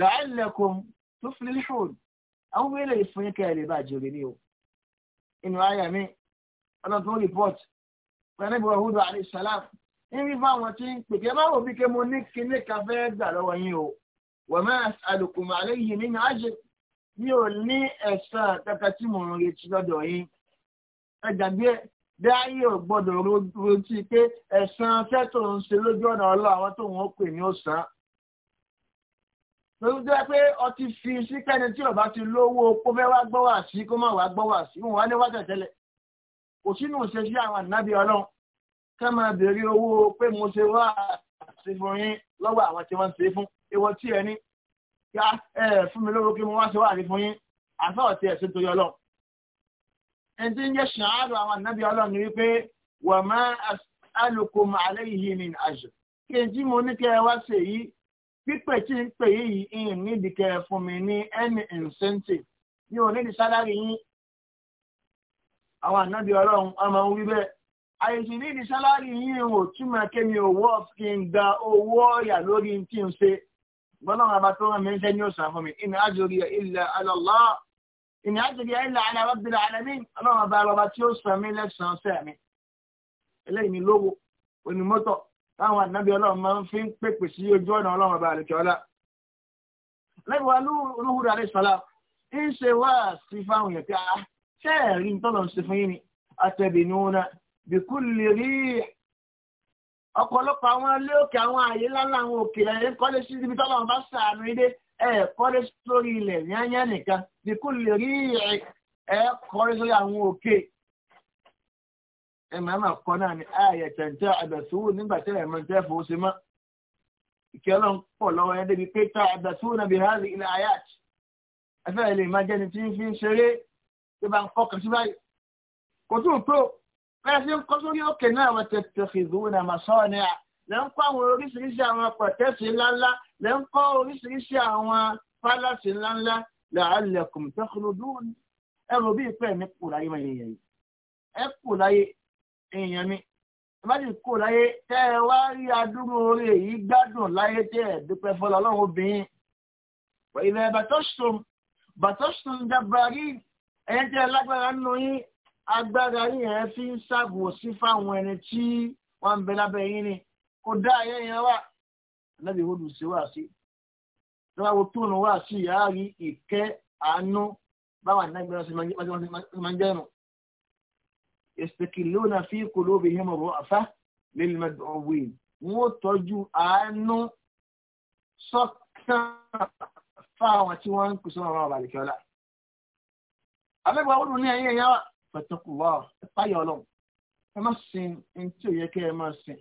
la'allakum tuflihun àwọn wíwé lè fún yín kẹ́ ẹ̀ lè bá jèrè ní o inú ayà mi ọlọ́run tó rìpọ́t pẹ̀lú ìbúra hudu alayhi níbi fáwọn tí ń pèké má wò bí ké mo ní kíní kan fẹ́ gbà lọ́wọ́ yín o wọ́n máa alùpùpù àlẹ́ yìí nínú àṣẹ mi ò ní ẹ̀sán kankan tí mò ń retí lọ́dọ̀ yín ẹ dàbí ẹ dáyé ò gbọ́dọ̀ rotí pé ẹ̀sán fẹ́tò ń ṣe lójú ọ̀nà ọlọ́ àwọn tó wọ́n pè ní òsán. lórí jẹ́ pé ọtí fi sí kẹ́ni tí ọba ti lówó kó fẹ́ wá gbọ́ wá sí kó má wá gbọ́ wá sí wọn wá ní wá tẹ̀tẹ́lẹ̀ kò sínú ṣe àwọn ànábì ọlọ́run ká máa bèèrè owó pé mo ṣe wá àti fún yín lọ́wọ́ àwọn tí wọ́n ń ṣe fún ìwọ tí ẹ ní yá ẹ fún mi lówó kí mo wá ṣe wá àti fún yín àfáà tí ẹ̀ ṣe torí ọlọ́run. ẹni tí ń jẹ́ ṣàárò àwọn ànábì ọlọ́run ni wípé wà má as'alukum alayhi min ajr kí n tí mo ní kẹ́ ẹ wá ṣe yìí pípẹ́ tí ń pè yìí ìhìn nídìí kẹ́ ẹ fún mi ní any incentive mi ò nídìí sálárì yín àwọn ànábì ọlọ́run ọmọ ń àìsí ní ìdísálárì yìí ò túmọ̀ kémi owó kí n gba owó ọ̀yà lórí tí n ṣe gbọ́dọ̀ àbá tó rán mi ń sẹ́ni òsàn fún mi ìní àjòrí ilẹ̀ alọ́lá ìní àjòrí ilẹ̀ alábàbìlà alábí ọlọ́run àbá ọba tí ó sàn mí lẹ́sàn-án sẹ́ mi eléyìí ni lówó onímọ́tò táwọn ànábì ọlọ́run máa ń fi ń pèpè sí ojú ọ̀nà ọlọ́run àbá àlùkò ọlá lẹ́yìn wa ah, lóhùrù bìkúlì rí ọ̀pọ̀lọpọ̀ àwọn ilé òkè àwọn ààyè lálẹ́ àwọn òkè ẹ̀ kọ́lé sí ibi tọ́lọ́ wọn sàánú ilé ẹ̀ kọ́lé sórí ilẹ̀ yányá nìkan bìkúlì rí ẹ̀ kọ́lé sórí àwọn òkè ẹ̀ máa máa kọ́ náà ní ààyè tẹ̀ǹtẹ̀ àbẹ̀sùwò nígbà tí ẹ̀ máa tẹ́ fowó sí mọ́ pọ̀ lọ́wọ́ débi ayat tí ń fi ń ṣeré tó bá ń kọ́ bẹ́ẹ̀ sí ń kọ́ sórí òkè náà wọ́n ti tẹ̀sí ìgbóhùn àmà sọ́ọ̀ ni lẹ́ ń kọ́ àwọn oríṣiríṣi àwọn pẹ̀tẹ́sì ńláńlá lẹ́ ń kọ́ oríṣiríṣi àwọn fálásì ńláńlá làálẹ̀kùn tẹ́kọ̀lódún ẹ̀rọ bí ìpẹ́ mi kù láyé máa yẹ̀yẹ̀ yìí ẹ kù láyé èèyàn mi ẹ bá ti kù láyé tẹ́ ẹ wá rí adúrú orí èyí gbádùn láyé tẹ́ ẹ dúpẹ́ fọlọ́ ọlọ́run obìnrin ìlẹ̀ bàtọ́sùn bàtọ́sùn dábàárí ẹ̀yẹ́ tẹ́ ẹ lágbára nù yín agbára yìnyẹn fi ń ṣàbòsí fáwọn ẹni tí wọ́n ń bẹ lábẹ́ yín ni kò dá ayé yẹn wà lẹ́bi ìwọ́dù sí wà sí lọ́wọ́ tóun wà sí ìyá rí ìkẹ́ àánú báwọn àdágbéra sí máa ń jẹ́nu. yastakilluna fi qulubihim ar-ra'fa lil mad'uwin wọ́n tọ́jú àánú sọ́kàn fáwọn tí wọ́n ń pèsè ọ̀rọ̀ àbàlẹ̀kẹ́ ọ̀la. àbẹ́gbẹ́ àwọn olùní ẹ̀yìn ẹ̀yà wà pẹ̀tẹ́kùwá ẹ̀páyọ̀ ọlọ́run ẹ má sin ní tí ò yẹ kẹ́ ẹ má sin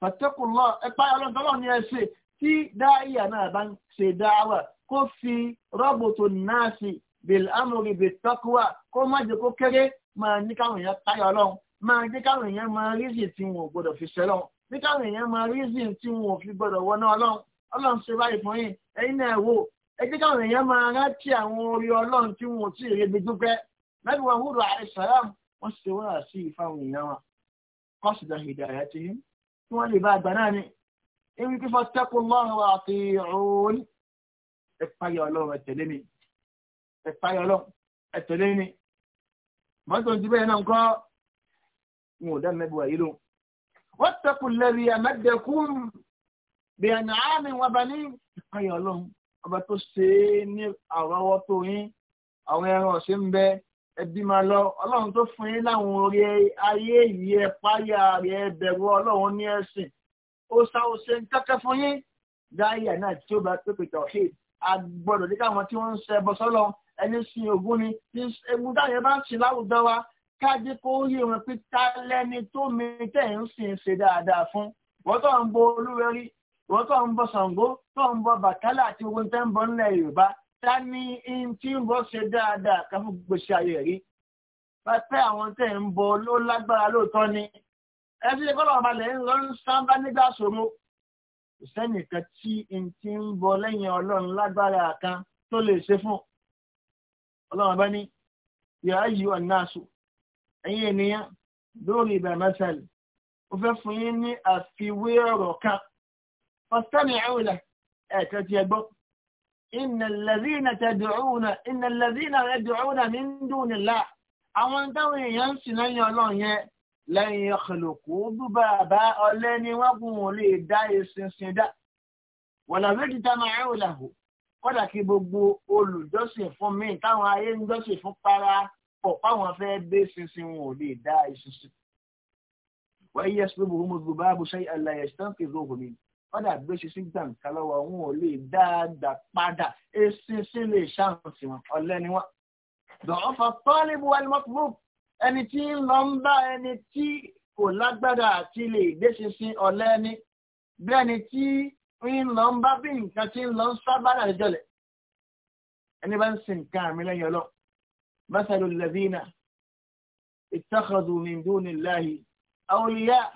pẹ̀tẹ́kùwá ẹ̀páyọ̀ ọlọ́run tọ́lọ́ ni ẹ ṣe tí dáìyà náà bá ń ṣe dáwà kó fi rọ́bùtù náà sí bìl amòrì bìl tọ́kùwà kó má jẹ́ kó kéré máa ní káwọn èèyàn páyọ̀ ọlọ́run máa jẹ́ káwọn èèyàn máa rízìn tí wọn ò gbọ́dọ̀ fi ṣẹlọ́run ní káwọn èèyàn máa rízìn tí wọn ò fi gbọ́dọ̀ wọná ọlọ́run ọlọ́run ṣe báyìí fún yín ẹ̀yin náà wò ẹ jẹ́ káwọn èèyàn máa rántí àwọn orí ọlọ́run tí wọn ò tí ì rebi dúpẹ́ nàbí wọn húrò àìsàlám wọn sì wá sí ìfáwọn èèyàn wa kọ́sìdà hidayatihim tí wọ́n lè bá àgbà náà ni ewu kí fattaqullaha wa ati'un ẹ̀páyà ọlọ́run ẹ̀tẹ̀lé mi ẹ̀páyà ọlọ́run ẹ̀tẹ̀lé mi mọ́tò ti bẹ́ẹ̀ náà ń kọ́ wọn ò dá ẹbí máa lọ ọlọ́run tó fún yín láwọn orí ayé yìí ẹ páyà rẹ ẹ bẹ̀rù ọlọ́run ní ẹ̀sìn ó sá ó ṣe ń kẹ́kẹ́ fún yín dáyà náà tí ó bá pépè tọ̀ ṣe àgbọ̀dọ̀ ní káwọn tí wọ́n ń ṣe ẹbọ sọ́lọ́ ẹni sin ògún ni egun táyà bá ń sin láwùjọ wa kájí kó yé wọn pé ta tó mi tẹ̀ ń sìn ṣe dáadáa fún wọ́n tó ń bọ olúwẹ̀rí wọ́n tó ń bọ ṣàngó tó ń bọ bàkálà àti ogun tẹ́ ń bọ nílẹ̀ yorùbá ta ni ihun ń bọ́ ṣe dáadáa ká fún gbèsè ayé rí pàtẹ àwọn ń bọ ló ni ẹ ti ṣe ń lọ ń sábà nígbà ṣòro kò tí n ti ń bọ lẹ́yìn ọlọ́run lágbára kan tó lè ṣe fún ọlọ́run bá ní ya ayyuha nnasu ẹ̀yin ènìyàn lórí fẹ́ fún إن الذين تدعون إن الذين يدعون من دون الله àwọn táwọn èèyàn ń sìn lẹ́yìn ọlọ́run yẹn lẹ́yìn ọ̀kẹ́lòkù búba àbá ọlẹ́ ni wọ́n kún un lè dá eṣinṣin dá wọ̀nà méjì tá máa ń làwọ̀ kódà kí gbogbo olùjọ́sìn fún mi táwọn ayé ń jọ́sìn fún para pọ̀ fáwọn fẹ́ dé eṣinṣin wọn ò lè dá eṣinṣin. wọ́n yẹ sọ́bù homo gbogbo àbúṣe àlàyé ṣẹ́ńkì lóhùn mi kọ́dà bí ó ṣe sí gbàǹkà lọ́wọ́ wọn ò lè dáadáa padà èsì sí lè ṣàǹtì wọn ọ̀lẹ́ni wọn. dọ̀ọ́ fọ tọ́lẹ́bù alimọ́tòbù ẹni tí ń lọ ń bá ẹni tí kò lágbára àti lè gbéṣinṣin ọ̀lẹ́ni bí ẹni tí ń lọ ń bá bí nǹkan tí ń lọ ń sábàdà jọlẹ̀ ẹni bá ń sin nǹkan àmì lẹ́yìn ọlọ́ masalu ladina ittakhadhu min dunillahi awliya'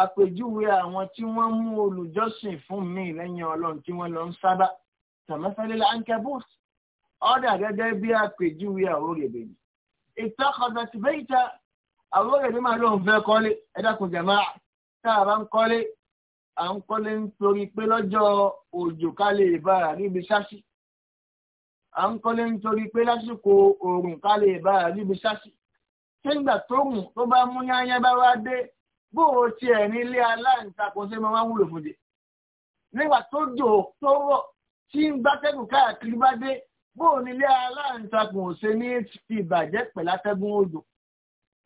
àpèjúwe àwọn tí wọ́n mú olùjọ́sìn fún mi lẹ́yìn ọlọ́run tí wọ́n lọ ń sábà tàmásálẹ́lá ankebus ọ̀dà gẹ́gẹ́ bí àpèjúwe àwòrẹ̀bẹ̀ ni. ìtọ́kọ̀tà ti bẹ́ẹ̀ ta àwòrẹ̀bẹ̀ máa lóun fẹ́ kọ́lé ẹ̀dàkùn jàmá tá a bá ń kọ́lé à ń kọ́lé nítorí pé lọ́jọ́ òjò ká lè bára níbi ṣáṣí à ń kọ́lé nítorí pé lásìkò òòrùn ká lè bára níbi ṣáṣí bó o tiẹ̀ nílé aláǹtakùn ṣe máa ń wúlò fún jẹ nígbà tó jò tó rọ̀ tí ń gbátẹ́gùn káàkiri bá dé bó o nílé aláǹtakùn ṣe ní ti ìbàjẹ́ pẹ̀látẹ́gùn òjò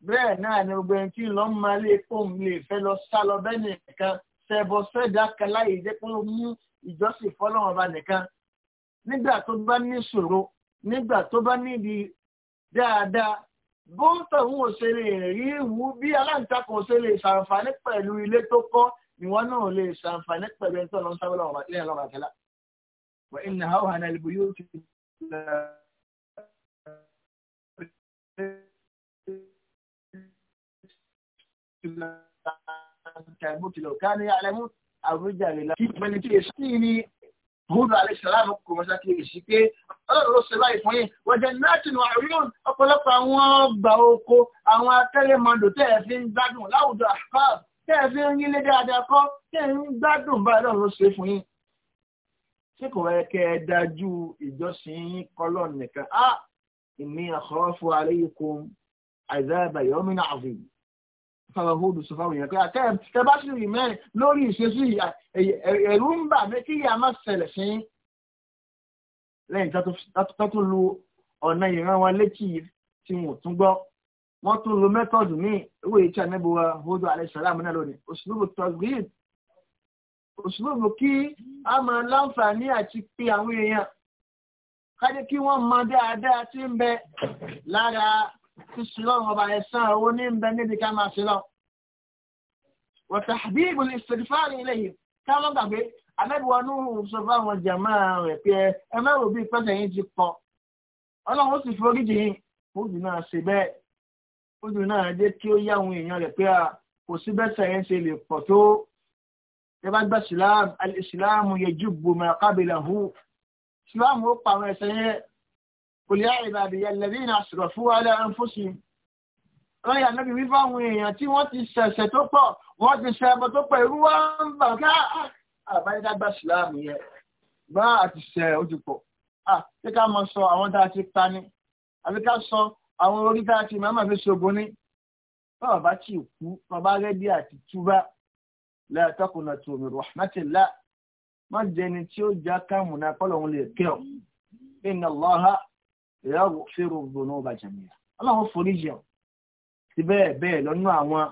bẹ́ẹ̀ náà ni gbogbo ẹni tí ń lọ máa lé fóun lè fẹ́ lọ sá lọ bẹ́ẹ̀ nìkan ṣẹbọ sẹ́dá kan láyé jẹ́ pé ó mú ìjọsìn fọlọ́run ọba nìkan nígbà tó bá ní ìṣòro nígbà tó bá níbi dáadáa gómìnà ń ò ṣe lè rí ìwú bí aláǹtakùn ṣe lè ṣàǹfààní pẹ̀lú ilé tó kọ́ ìwọ náà lè ṣàǹfààní pẹ̀lú ẹni tó lọ ń sábẹ́ lọ́wọ́ ilé ọlọ́run àtẹ́lá. wọ́n iná àwọn àna ìbò yóò ti ṣe. kí ni Bùrù àlẹ́sàlámù kò mọ́ ṣàkíyèsí pé ọlọ́run ló ṣe báyìí fún yín. Wọ̀jẹ̀ Nátìnù Àríyàn ọ̀pọ̀lọpọ̀ àwọn ọgbà oko àwọn akẹ́lẹ́mọdò tẹ́ ẹ̀ fi ń gbádùn láwùjọ àfáà tẹ́ ẹ̀ fi ń yílé dáadáa kọ́ tẹ́ ẹ̀ ń gbádùn báyìí ọlọ́run ló fún yín. Ṣé kò wáyé kẹ́ ẹ dájú ìjọsìn kọ́lọ̀ nìkan? Á ah, ìmí fàràhódù sọ fáwọn èèyàn pé àtẹ bá sì rí mẹ́rin lórí ìṣesí ẹ̀rú ń bà mí kí ìyá má ṣẹlẹ̀ sí lẹ́yìn tó tún lu ọ̀nà ìran wọn létí tí wọn tún gbọ́ wọ́n tún lo mẹ́tọ́dù míì owó èyí tí ànábì wa hódù aláìsàlámù náà lónìí òṣùlùmù tọ́gbìn òṣùlùmù kí a máa láǹfààní àti pe àwọn èèyàn kájé kí wọ́n mọ dáadáa tí ń bẹ lára sísú lọ́rùn ọba ẹ̀sán owó ní bẹ níbi ká máa sí lọ. wọ́tà bí ìbùn ìsèdífáàrí ilé yìí káwọn gbàgbé anábìwọ́n ní sọ fáwọn jàmá rẹ̀ pé ẹ má rò bí pẹ́sẹ̀ yín ti pọ̀ ọlọ́run ó sì forí jì yín fúdù náà ṣe bẹ́ẹ̀ fúdù náà jẹ́ kí ó yá àwọn èèyàn rẹ̀ pé kò sí bẹ́sẹ̀ yẹn ṣe lè pọ̀ tó ẹ bá gba ìsìláàmù yẹ jù bùmọ̀ kábìlà hù ìsìláàmù ó pa àwọn ẹ̀sẹ̀ yẹn قل يا عبادي الذين أسرفوا على أنفسهم wọ́n yà nábi wípé àwọn èèyàn tí wọ́n ti ṣẹ̀ṣẹ̀ tó pọ̀ wọ́n ti ṣe ẹbọ tó pọ̀ irú wa ń bà ká àbáyédágbà síláàmù yẹ bá àti ṣe ojú pọ̀ ṣé ká mọ sọ àwọn tá a ti pa ni àbí ká sọ àwọn orí tá a ti máa máa fi ṣògo ní báwa bá ti kú bàbá rẹ́dí àti túbá lẹ́ẹ̀tọ́kùnà tòmí rahmatillah má jẹni tí ó já kámùnà kọ́lọ̀ òun lè kẹ́ ọ̀ inna Allaha ìyáwó fèrò gbóná ọba jàmíà ọlọ́run forí jẹ ọ ti bẹ́ẹ̀ bẹ́ẹ̀ lọ́nà àwọn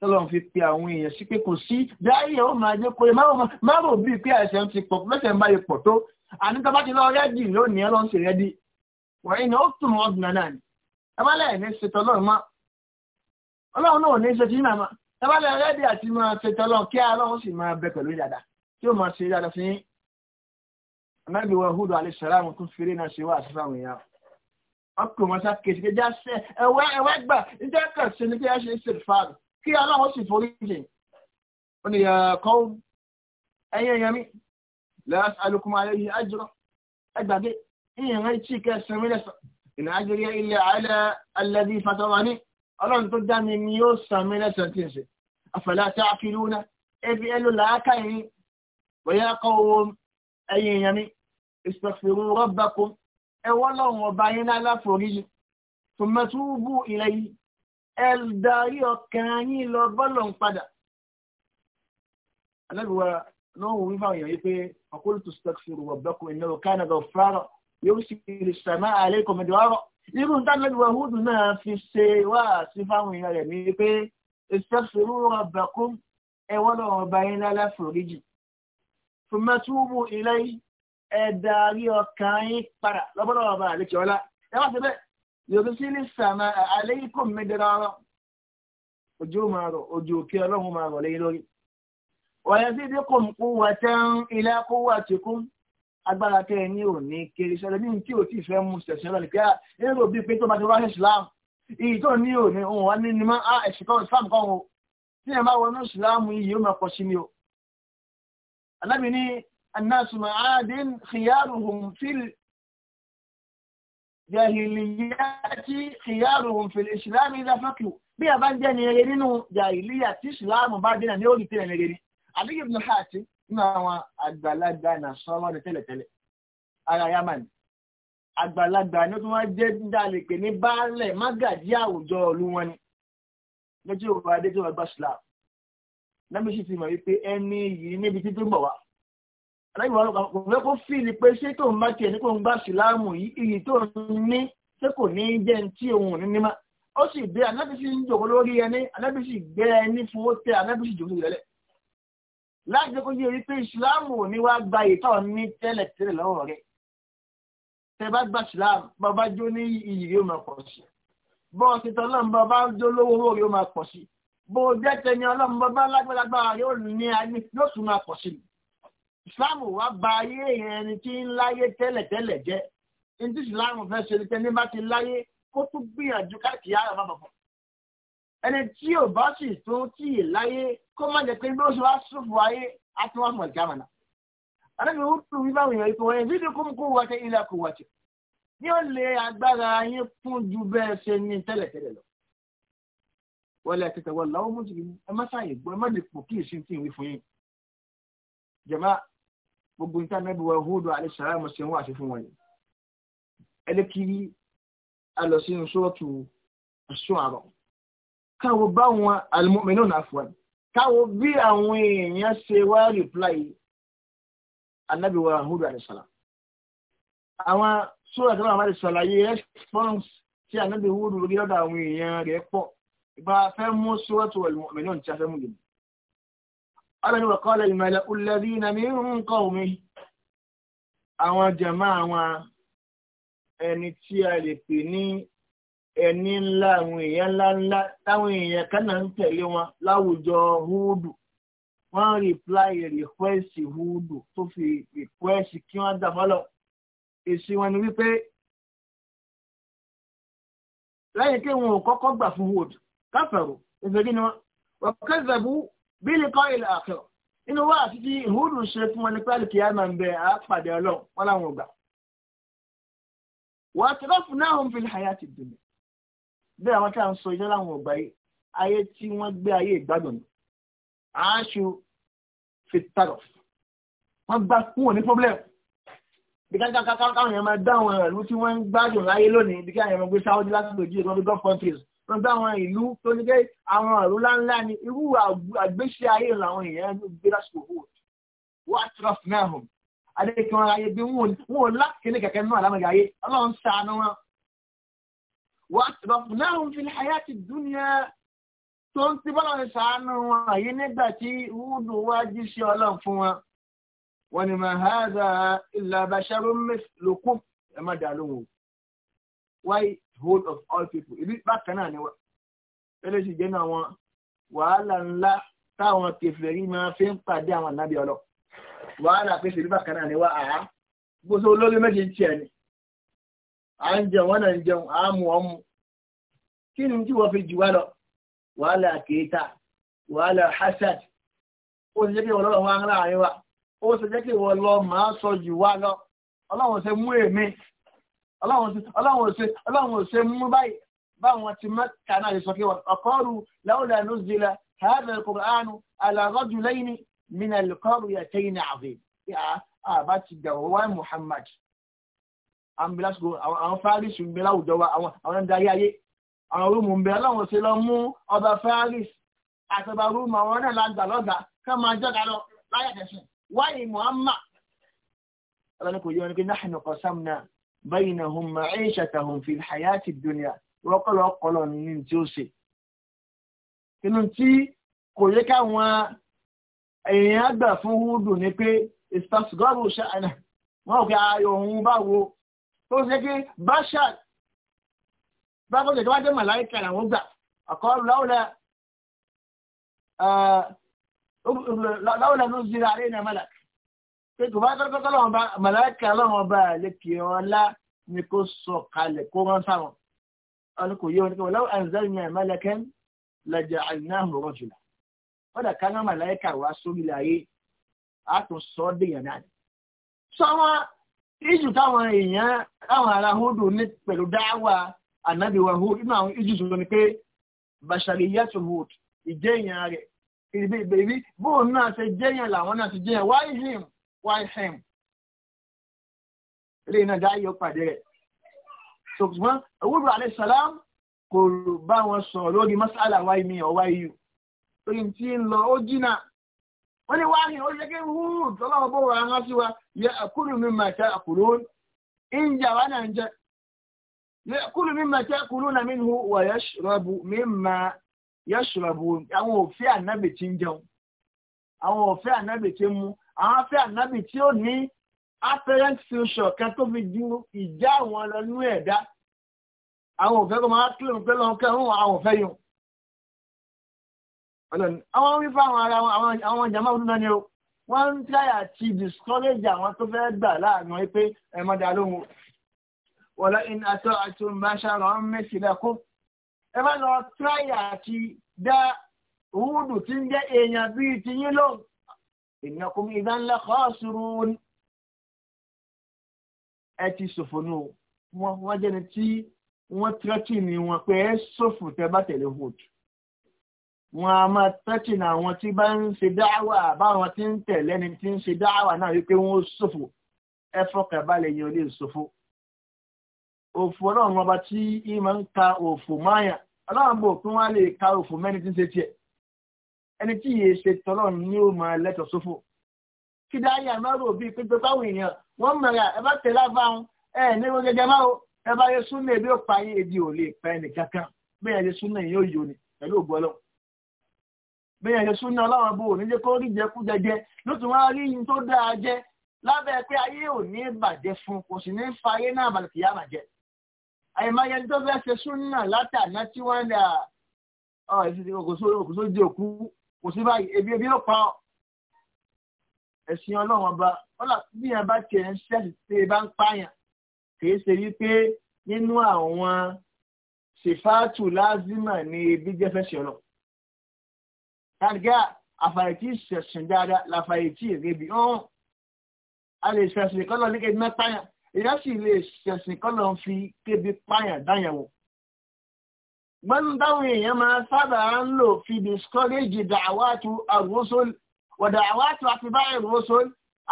tọ́lọ́run fi pe àwọn èèyàn sí pé kò sí dáyé ó máa jẹ́ kó má rò bíi pé àìsàn ti pọ̀ mẹ́sẹ̀ ń báyìí pọ̀ tó àní tó bá ti lọ rẹ́dì lónìí ọlọ́run sì rẹ́dì wọ́n yìí ni ó tún wọn dùn náà ni ẹ bá lẹ́yìn ní ṣe tọ́lọ́run mọ́ ọlọ́run náà ò ní ṣe tí ní màmá ẹ bá lẹ́yìn rẹ́dì àti máa ṣe tọ́lọ́run kí ọlọ́run sì máa bẹ pẹ̀lú dáadáa tí ó máa ṣe dáadáa sí yín. anábìwọ̀ hudu alayhi salam tún fi rí náà ṣe wá àṣìṣe àwọn èèyàn ọkùnrin wọn ṣàkíyèsí pé já ṣe ẹwẹ ẹwẹ gbà níta ẹkọ ṣe ni kí ẹ ṣe é ṣe fàdù kí aláwọ sì forí jì ó ní ẹkọ ẹyẹ yẹn mi lẹ́yìn alukuma alẹ́ yìí ajúrọ ẹgbàgbé ìyẹn rẹ tí kẹ ṣe mí lẹ́sọ̀ ìnà ajúrí ilẹ̀ alẹ́ alẹ́bí fatọ́wà ní ọlọ́run tó dá mi ni yóò san mí lẹ́sọ̀ tí ń ṣe àfẹlẹ́ àti àfilúna ebi ẹlò làákà yìí wọ́yẹ́ kọ́ owó ẹyẹ yẹn mi ìṣèfìrú rọ́bà kún ẹwọ́ lọ́wọ́ ọba yín láláforíjì tòmẹ́túbù ilẹ̀ yìí ẹ darí ọkàn yín lọ bọ́lọ̀ ń padà. alẹ́gbẹ̀wá lọ́wọ́ wíwá òyìn yìí pé ọkùnrin tó sọ́kùsùrù wọ̀ bẹ́kù iná ọ̀ká nàgà fúlárọ̀ yóò sì lè sàmà àlẹ́ kọ̀mẹ̀dọ̀rọ̀. irú ntánilẹ́gbẹ̀wá húdù náà fi ṣe wá sí fáwọn èèyàn rẹ̀ ní pé ìsọ́kùsùrù wọ̀ bẹ́kù ẹwọ́ lọ́wọ́ ọba yín láláforíjì ẹ darí ọkàn yín padà lọ́bọ̀lọ́ ọba àlejò ọlá ẹ wá síbẹ̀ yorùbá sí ní sàmà àléyìnkò mẹdẹrẹ ọ̀rọ̀ ojú máa rọ ojú òkè ọlọ́run máa rọ lẹ́yìn lórí wọ̀nyẹ sí ibi kò ń kú wà tẹ́ ń ilé kó wà tí kú agbára tẹ́ ẹ ní òní kiri sọlẹ ní tí ò tí fẹ́ mú sẹ̀sẹ̀ lọ́lẹ̀ pé èrò bíi pé tó bá ti wá Islam iyì tó ní òní òun wà ní ni má ah, ẹ̀sìn kan Islam kan o tí ẹ bá wọnú Islam iyì ó máa pọ̀ sí ni o alábìíní الناس معادن خيارهم في الجاهلية خيارهم في الإسلام إذا فقهوا bí a bá ń jẹ́ ni eré nínú jàìlíyà tí ìsìláàmù bá dínà ní orí tẹ́lẹ̀ lẹ́gẹ̀rẹ́ àbí ibùdó hàtí nínú àwọn àgbàlagbà nàṣọ́rọ́ ní tẹ́lẹ̀tẹ́lẹ̀ ara yamani àgbàlagbà ní ó tún wá jẹ́ dalẹ̀ pé ní baálẹ̀ mágàjí àwùjọ ìlú wọn ni lọ́jọ́ ìwà adé tó wà gbà sílá lẹ́mí sì ti mọ̀ wípé ẹni yìí níbi títí ń bọ̀ wá aláìwọ̀n kò fẹ́ kó fíìlì pé ṣé tóun bá tiẹ̀ ní kóun gbà síláàmù yìí iyì tóun ní ṣé kò ní jẹ́ tí òun ní ní má ó sì gbé anábìsí ń jòkó lórí ẹni anábìsí gbé ẹni fún ó tẹ anábìsí jòkó lórí ẹlẹ́ láti jẹ́ kó yé orí pé ìsìláàmù ò ní wá gba ìtọ́ ní tẹ́lẹ̀ tẹ́lẹ̀ lọ́wọ́ rẹ̀ tẹ bá gba ìsìláàmù bàbá jó ní iyì rí máa pọ̀ sí bọ́ ọ títọ́ ọlọ́run bàbá jó lówó owó rí máa pọ̀ sí bó jẹ́ tẹni ọlọ́run lágbàlagbà rí ní ayé yóò tún máa pọ̀ sí i. Islamu wa bà ayé èèyàn ẹni tí ń láyé tẹ́lẹ̀tẹ́lẹ̀ jẹ́ ní tí ìsìláàmù fẹ́ ṣe tẹ́ ní bá ti láyé kó tún gbìyànjú káàkiri ara bàbà fún ẹni tí ò bá sì tó tí ì láyé kó má jẹ pé bí ó ṣe wá ṣòfò ayé á tún wá mọ̀ ìjàmànà àdébí ó tún wíwá òyìnbó ipò ẹ̀yìn bí kò mú kó wọ́tẹ ilé kò wọ́tẹ ní ó lè agbára yín fún ju bẹ́ẹ̀ ṣe ní tẹ́lẹ̀tẹ́lẹ̀ lọ wọlé tètè wọlé àwọn ọmọ tìbí ẹ má sáàyè gbọ́ ẹ má lè pò kí ìṣe tí ìwé fún yín jẹ̀máà gbogbo níta nẹ́bí wa hóòdù àlẹ́sàrá mọ̀ sí wọn àti fún wọn yìí ẹlẹ́kìrí alọ sí sọ́ọ̀tù Ash-Shu'ara káwọ bá wọn al-mu'minun afwan káwọ bí àwọn èèyàn ṣe wá rìpláì anábì wa hóòdù àlẹ́sàrá àwọn sọ́ọ̀tù àti àwọn àlẹ́sàlàyé response tí anábì hóòdù lórí ọ̀dọ̀ àwọn èèyàn rẹ̀ pọ̀ ìbá fẹ́ mú sọ́ọ̀tù al-mu'minun tí a mú yìí ọlọ́ni wọ̀ kọ́lẹ̀ ìmọ̀lẹ̀ ulẹ̀bí iná mi ń kọ́ omi àwọn jàmá àwọn ẹni tí a lè pè ní ẹni ńlá àwọn èèyàn ńlá ńlá táwọn èèyàn kánà ń tẹ̀lé wọn láwùjọ húdù wọ́n rìpláì rìkwẹ́sì húdù tó fi rìkwẹ́sì kí wọ́n dà èsì wọn ni wípé lẹ́yìn kí wọn ò kọ́kọ́ gbà fún húdù káfẹ̀rù ìfẹ́ kí ni wọ́n wọ́n kẹ́sẹ̀ bí lè kọ́ ilẹ̀ àkọ́ inú wa àti tí ìhúdù ṣe fún wọn ní pẹ́lú kìí àmà ń bẹ àpàdé ọlọ́run wọn láwọn ò gbà. wà á tẹ́lẹ̀ fún náà fi àyà ti dùnmí bẹ́ẹ̀ àwọn tá à ń sọ iṣẹ́ láwọn ọ̀gbà yìí ayé tí wọ́n gbé ayé ìgbádùn ní aṣọ fitarọ̀ wọ́n gbá fún òní problem bí káàkiri káwọn èèyàn máa dáhùn ẹ̀rọ tí wọ́n ń gbádùn láyé lónìí bí káwọn èèyàn gbé sáwọ́dí lásìkò jíjẹ tó wọ́n fi gulf wọ́n gbé àwọn ìlú tó ní pé àwọn àrùn ńláńlá ni irú àgbéṣe ayé làwọn èèyàn ń gbé lásìkò owó wọ́n á tẹ̀rọ fún náà hàn adékè wọn ayé bí wọn ò lákìíní kẹ̀kẹ́ náà lámàgà ayé ọlọ́run sànù wọn. wọ́n á tẹ̀rọ fún náà fi ayé àti dúnìá tó ń ti bọ́lá sànù wọn àyè nígbà tí wúdù wá jíṣẹ́ ọlọ́run fún wọn. wọ́n ní màá hàdà ìlàbàṣẹ́rú mẹ́fì lókùn ẹ̀ má dà lóhùn hold of all people ibi bákan náà ni wa tẹ́lẹ̀ sì jẹ́ náà wọn wàhálà ńlá táwọn kẹfẹ́rí máa fi ń pàdé àwọn ànábì ọlọ wàhálà pèsè ibi bákan náà ni wa àá gbóso olórí méjì ń tiẹ̀ ni à ń jẹun wọn náà ń jẹun à ń mu wọn mu kí ni tí wọ́n fi jù wá lọ wàhálà kéétà wàhálà hasad ó sì jẹ́ kí wọ́n lọ́wọ́ wọn láàrin wa ó sì jẹ́ kí wọ́n lọ máa sọ jù ọlọ́run ò ṣe mú báyìí báwọn ti mẹ́ta náà sọ pé ọkọ́rù láwùlà nùzìlà hadha al-Qur'an ala rajulaini min al-qaryatayn azim àbá ti dàwọ̀ wá Muhammad ambilasgo àwọn Faris ń bẹ láwùjọ wa àwọn ẹ̀dá ayé àwọn rúmù ń bẹ ọlọ́run ṣe lọ mú ọba Faris àtọba rúmù àwọn náà lágbà lọ́gà ká máa jọ́gà lọ láyà tẹ̀sán wáyé Muhammad ọlọ́run kò yọ ọ́n baynahum ma'ishatahum fil hayati dunya rọ́kọ̀lọ́ ọ̀pọ̀lọ́ nínú tí ó ṣe. inú tí kò yẹ káwọn èèyàn àgbà fún húdù ni pé ìstasgọ́rù ṣáàna wọn ò fi ààyò òun bá wo tó ṣe pé báṣà bákọ́jọ́ tó wá dé màláìkà làwọn gbà àkọọ́lù láwùlẹ̀ láwùlẹ̀ ló zira àrẹ́ ìnà mẹ́lẹ̀kì pé kò bá tọ́lọ́kọ́ tọ́lọ́wọ́n bá màláìkà ọlọ́wọ́n bá lékè ọlá ni kò sọ kalẹ̀ kó rán sáwọn ọlọ́ kò yé wọn nípa wọláwọ́ anzalna malakan laja'alnahu rajula wọ́n dà káná màláìkà wá sórí láyé á tún sọ ọ́ dèèyàn náà sọ wọn ìjù táwọn èèyàn táwọn ará hódù ní pẹ̀lú dáwà ànábìwà hódù nínú àwọn ìjù sọ ni pé bashariyatu hódù ìjẹ́yàn rẹ̀ ìbí bóun náà ṣe jẹ́yàn wáìsẹ̀m eléyìí náà dáyọ̀ pàdé rẹ̀ ṣùgbọ́n ewúro alẹ́ sàlám kò bá wọn sọ̀rọ̀ lórí masala wáyé mi ọ̀wá iyù lórí tí wa yẹ àkúrú mi mà tẹ àkúrú ń jà wá náà ń jẹ yẹ àkúrú mi akulu tẹ àkúrú náà mi hu wà yẹ ṣùrọ̀bù mi mà yẹ ṣùrọ̀bù àwọn òfin ànábì àwọn fẹ́ ànábì tí ó ní apparent future kan tó fi ju ìjà àwọn lọ nínú ẹ̀dá àwọn òfẹ́ kọ́ máa kílò pé lọ́wọ́ kẹ́hún àwọn òfẹ́ yìí ọlọ́ni àwọn wípé àwọn ara àwọn ìjàmbá ọdún náà ni o wọ́n ń tẹ́yà ti discourage àwọn tó fẹ́ gbà láàánú pé ẹ̀mọ́dà lóhun wọ́lá in atọ́ àti ìbáṣàrọ̀ ń mẹ́sì lẹ́kọ́ ẹ bá lọ tẹ́yà ti dá wúdù tí ń jẹ́ èèyàn bíi ti yín innakum idhan la khasirun ẹ ti ṣòfò nù wọ́n wọ́n jẹ́ni tí wọ́n tẹ́tì ní wọn pé ẹ ṣòfò tẹ́ bá tẹ̀lé Hud wọn a máa tẹ́tì ní àwọn tí bá ń ṣe dáwà báwọn tí ń tẹ̀lé ni tí ń ṣe dáwà náà wípé wọ́n ṣòfò ẹ fọkàn balẹ̀ yẹn ò lè ṣòfò òfò ọlọ́run ọba tí ìmọ̀ ń ka òfò máyà ọlọ́run bò kí wọ́n lè ka òfò mẹ́ni tí ń ṣe tiẹ̀ ẹni tí yìí ṣe tọ́lọ̀ ní ó máa lẹ́tọ̀ sófò. kí dárí àmọ́rò bíi pípé báwọn èèyàn wọ́n mọ̀ra ẹ bá tẹ̀lé àbáwọn ẹ ní wọ́n gẹ́gẹ́ máa ẹ bá yẹ súnà ebi ó pa yín ebi ò lè pa ẹnì kankan bẹ́ẹ̀ yẹ súnà yìí ó yọ ni pẹ̀lú ògbọ́ lọ. bẹ́ẹ̀ yẹ súnà ọlọ́run bò ní jẹ́ kó rí jẹkú jẹjẹ ló tún rí yín tó dáa jẹ lábẹ́ pé ayé ò ní bàjẹ́ fún kò sì ní fa ayé náà bàlẹ̀ kìí àmàjẹ́. àyèmáyé tó fẹ́ ṣe súnà látà náà tí wọ́n dà ọ̀ ìfisí kò òkú kò sí báyìí ebi ebi ó pa ọ ẹ̀sìn ọlọ́run ọba ọlà bí yẹn bá tiẹ̀ ń ṣẹ́sì tí e bá ń pààyàn kìí ṣe wípé nínú àwọn ṣèfáàtù lázìmà ni ebi jẹ́ fẹ́ṣẹ̀ ọlọ. kàdígà àfàìtì ṣẹ̀sìn dáadáa làfàìtì ìrẹ́bi ọ̀hún a lè ṣẹ̀sìn kọ́lọ̀ ní kébi mẹ́pààyàn èyí á sì lè ṣẹ̀sìn kọ́lọ̀ ń fi kébi pààyàn dáyàwó gbọ́ndáwọn èèyàn máa sábà ń lò fi discourage dàwátù ar-rusul wa dàwátù atba'i ar-rusul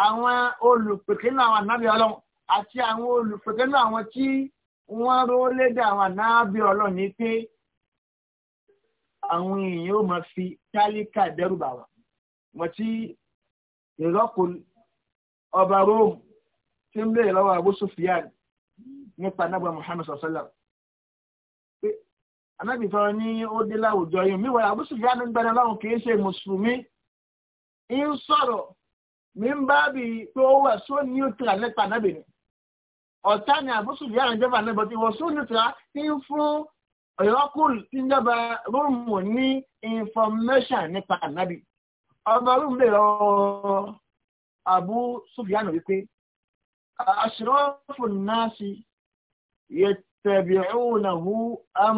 àwọn olùpèkínú àwọn ànábì ọlọ́run àti àwọn olùpèkínú àwọn tí wọ́n ró lédè àwọn ànábì ọlọ́run ní pé àwọn èèyàn ó máa fi tálíkà dẹ́rùbà wà mọ̀ tí ìrọ́kù ọba Rome tí ń béèrè lọ́wọ́ Abu nípa nábà Muhammad sallallahu alaihi wasallam anábì sọ ní ó dé láwùjọ yìí mi wọ̀nyí àbúṣe ìyá gbẹ́ni ọlọ́run kì ṣe mùsùlùmí ń sọ̀rọ̀ mi ń bá bi pé ó wà só ní òtúra nípa anábì ọ̀tá ni àbúṣe ìyá ní jẹ́fà náà wọ́n só ní òtúra ń fún ọ̀yọ́kùn tí ń jọba rúùmù ní information nípa anábì ọba rúùmù lè rọ àbú sùfìyàn wípé àṣírọ́fù náà sí yẹtẹ̀bìrúnàhù am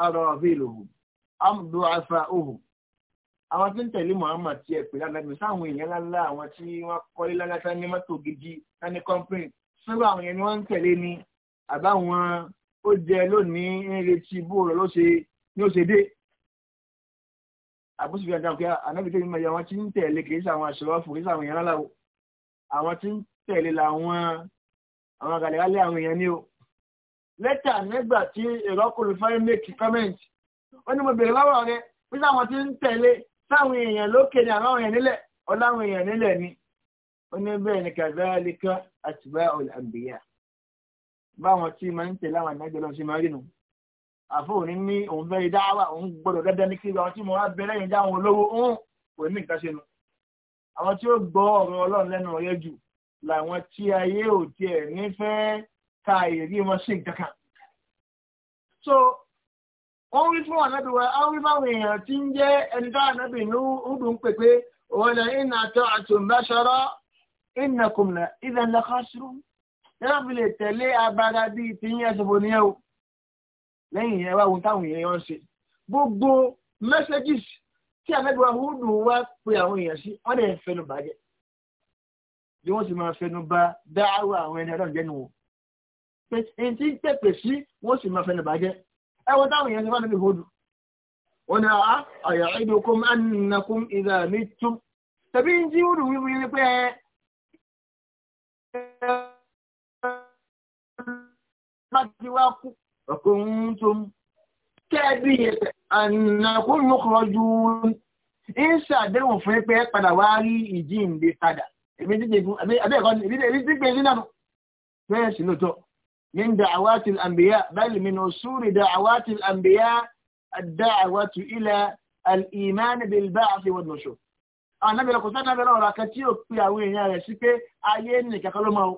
araviluhum amdu afauhum àwọn tí ń tẹ̀lé Muhammad tí ẹ pè lánàbí sáwọn èèyàn ńláńlá àwọn tí wọ́n kọ́lé lánàá ní mọ́tò gidi tání kọ́ńpìn sọ́dọ̀ àwọn yẹn ni wọ́n ń tẹ̀lé ni àbáwọn ó jẹ lónìí ń retí bóòrò ló ṣe ní ó ṣe dé àbúṣe fi àdáhùn pé ah, ànábìtẹ́ mi máa yẹ àwọn tí ń tẹ̀lé kì í sàwọn àṣọwọ́ fò kì í sàwọn èèyàn ńláńlá o àwọn tí ń tẹ̀lé làwọn àwọn àgàlẹ́gàlẹ́ àwọn èèyàn ní o lẹ́tà nígbà tí ìrọ́kùnrin fẹ́ẹ́ make comment ó ní mo bèrè lọ́wọ́ rẹ bí sáwọn ti ń tẹ̀lé sáwọn èèyàn lókè ni àwọn èèyàn nílẹ̀ ọláwọn èèyàn nílẹ̀ ni ó ní bẹ́ẹ̀ ni kazalika atba'ul anbiya báwọn tí máa ń tẹ̀lé àwọn ànágbé lọ sí máa rí nù àfóò ní ní òun fẹ́ dáwà òun gbọ́dọ̀ dandan ní kí àwọn tí mo wá bẹ lẹ́yìn dáhùn olówó òun kò ní nǹkan ṣe nu àwọn tí ó gbọ́ ọ̀rọ̀ ọlọ́run lẹ́nu ọ̀yẹ́ jù làwọn tí ayé ò tiẹ̀ nífẹ̀ẹ́ ta ìrí wọn sí nǹkan kan. so wọ́n wí fún ànábì wa á wí báwọn èèyàn tí ń jẹ́ ẹni tá ànábì ní ọdù ń pè pé òun lè iná tó àtúnbáṣọrọ́ iná kùnà ìdá ńlá kan sí wọn. yẹ́n fi lè tẹ̀lé abara bíi ti yín ẹ̀sìn fòní ẹ̀ o lẹ́yìn yẹn wá ohun táwọn èèyàn yọ ń ṣe. gbogbo messages tí ànábì wa ọdù wá pe àwọn èèyàn sí wọ́n dẹ̀ fẹnu bàjẹ́ bí wọ́n ẹni tí ń pèpè sí wọ́n sì máa fẹ́ni bàjẹ́ ẹwọ́n táwọn èèyàn ti fọ́nà bí hodù wọ́n ni àá àyà ìdókòm ànàkùn ìdá mi tún tàbí ń jí hodù wíwí ni pé láti wá kú ọkùnrin tó kẹ́ẹ̀bí ànàkùn lókọ̀ọ́jú ń ṣàdéhùn fún pé padà wá rí ìjíǹde padà èmi ti dè fún àbí ẹ̀kọ́ ni èmi ti gbé sínú àná bẹ́ẹ̀ sí lóòótọ́. من دعوات الأنبيا بل من أصول دعوات الأنبياء الدعوة إلى الإيمان بالبعث والنشور Ànábì kò sáà nábẹ̀rẹ̀ ọ̀rọ̀ akẹ́ tí ó pe àwọn èèyàn rẹ̀ sí pé ayé ní kẹ́kọ́ ló máa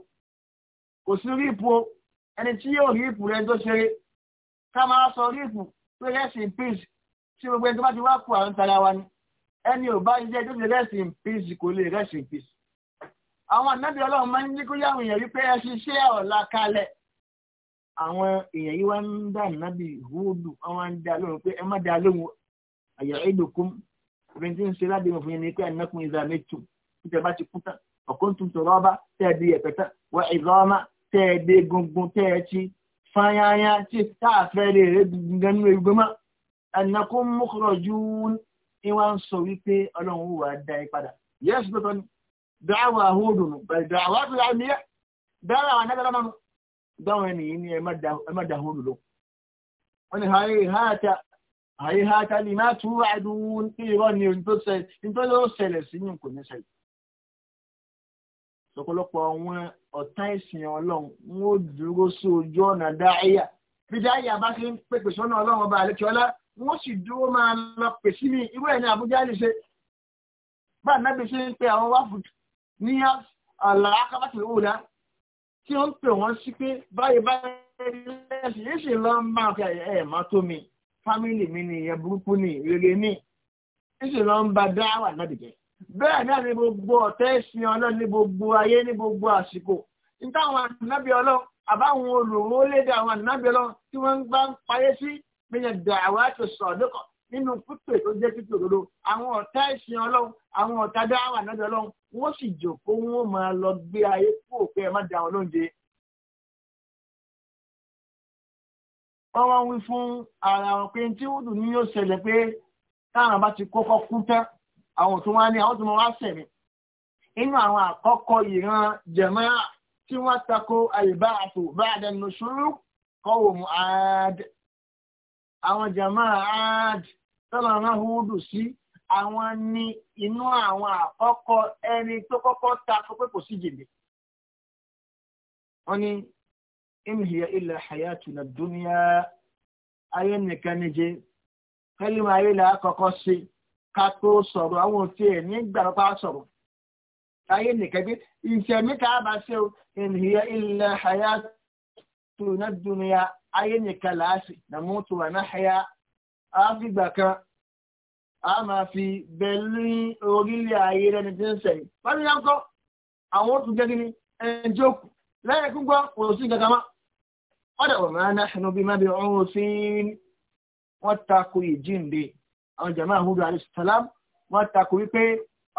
kò sí ríìpù o ẹni tí yóò ríìpù rẹ̀ tó ṣeré ká máa sọ ríìpù pé rest in peace tí gbogbo ẹni tó bá ti wá kú àrùn tara wa ni ẹni ò bá jẹ́ tó ti rest in peace kò lè rest in peace. àwọn ànábì ọlọ́run máa ń ní kó yáwọn èèyàn wípé ẹ ṣiṣẹ́ ọ̀la kalẹ̀ àwọn èèyàn yìí wá ń dà nábì húdù àwọn ń dá lóhùn pé ẹ má dá lóhùn àyà ìdòkún obìnrin tí ń ṣe ládé òfin ni pé ẹnìkan ìzà méjì títẹ bá ti kú tán ọ̀kọ́ntún tọ̀rọ̀ ọba tẹ́ ẹ di ẹ̀pẹ̀ tán wọ ìzọ́ ọmọ ẹ dé gungun tẹ́ ẹ ti fanyanya tí táàfẹ́ lè rẹ ganú egbò mọ́ ẹnìkan mọ́kọ̀rọ̀ jù ní wá ń sọ wípé ọlọ́run wà á dá ẹ padà yẹ́sì tó tọ́ ni dáwà bẹ̀rẹ̀ dáwà tó gbáwọn ènìyàn ní ẹmọ́dà hóòrò lọ. wọ́n ni àyè hátà lè máa tún àdúrún tí irọ́ ni ohun tó lọ ṣẹlẹ̀ sí ní kò ní ṣẹlẹ̀. sọ̀pọ̀lọpọ̀ àwọn ọ̀tá ìsìn ọlọ́run wọn ó dúró sí ojú ọ̀nà dáhìyà bí dáhìyà bá ṣe ń pèpè sọ́nà ọlọ́run ọba àlékiọlá wọ́n sì dúró máa lọ pèsè ní irú ẹ̀ ní àbújá lè ṣe bá ànábì ṣe ń pe àwọn wáfù ní àlàákàbàtì òwúlá tí ó ń pè wọ́n sí pé báyìí báyìí lẹ́sìn yéṣì lọ ń bá ọ̀kẹ́ ẹ̀ má tó mi fámìlì mi ni ìyẹn burúkú ni rere ni yéṣì lọ ń bá dáwà náà dìjẹ́ bẹ́ẹ̀ náà ni gbogbo ọ̀tẹ́ ìsìn ọlọ́run ní gbogbo ayé ní gbogbo àsìkò nítawọn ànábì ọlọ́run àbáwọn olùwó lédè àwọn ànábì ọlọ́run tí wọ́n ń gbá ń payé sí gbẹ̀yẹ̀ dàwà tó sọ̀dọ́kọ̀ nínú pípé tó jẹ́ pípé òdodo àwọn ọ̀tá ìsìn ọlọ́run àwọn ọ̀tá dáwà náà dọ̀ ọlọ́run wọ́n sì jòkó wọ́n máa lọ gbé ayé kú òpé ẹ má da wọn lóúnjẹ. wọ́n wá ń wí fún ara wọn pé tí wúdù ní yóò ṣẹlẹ̀ pé táwọn bá ti kọ́kọ́ kú tán àwọn tó wá ní àwọn tó máa wá sẹ̀mí. inú àwọn àkọ́kọ́ ìran jẹ̀mọ́ tí wọ́n tako àyèbá àtò bá àdánù ṣòro kọ́wò mu ààd. àwọn jẹ̀mọ́ ààd tọ́lọ̀ náà húdù sí. àwọn ní inú àwọn àkọ́kọ́ ẹni tó kọ́kọ́ ta kó pé kò sí jìnbẹ̀. wọ́n ní in hiya illa hayatuna dunya ayé nìkan níje kẹ́lìmù ayé là á kọ́kọ́ ṣe ká tó sọ̀rọ̀ àwọn òfin ẹ̀ nígbàdọ́pá sọ̀rọ̀ ayé nìkan bí ìṣẹ̀mí ká bá ṣe o in hiya illa hayatuna dunya ayé nìkan là á sì namutu wa nahya á fìgbà kan. a máa fi bẹ̀lú orílẹ̀ ayé lẹ́ni tí ń sẹ̀yìn. Báyọ̀ yá ń kọ́ àwọn oṣù jẹ́ gini ẹnjẹ́ òkú lẹ́yìn kún gbọ́ òṣì gàgà má. Ọ̀dà wọ̀ máa náà ṣẹ̀nu bí mábì ọ̀hún sí Ahudu Alayhi Salam wọ́n takò wípé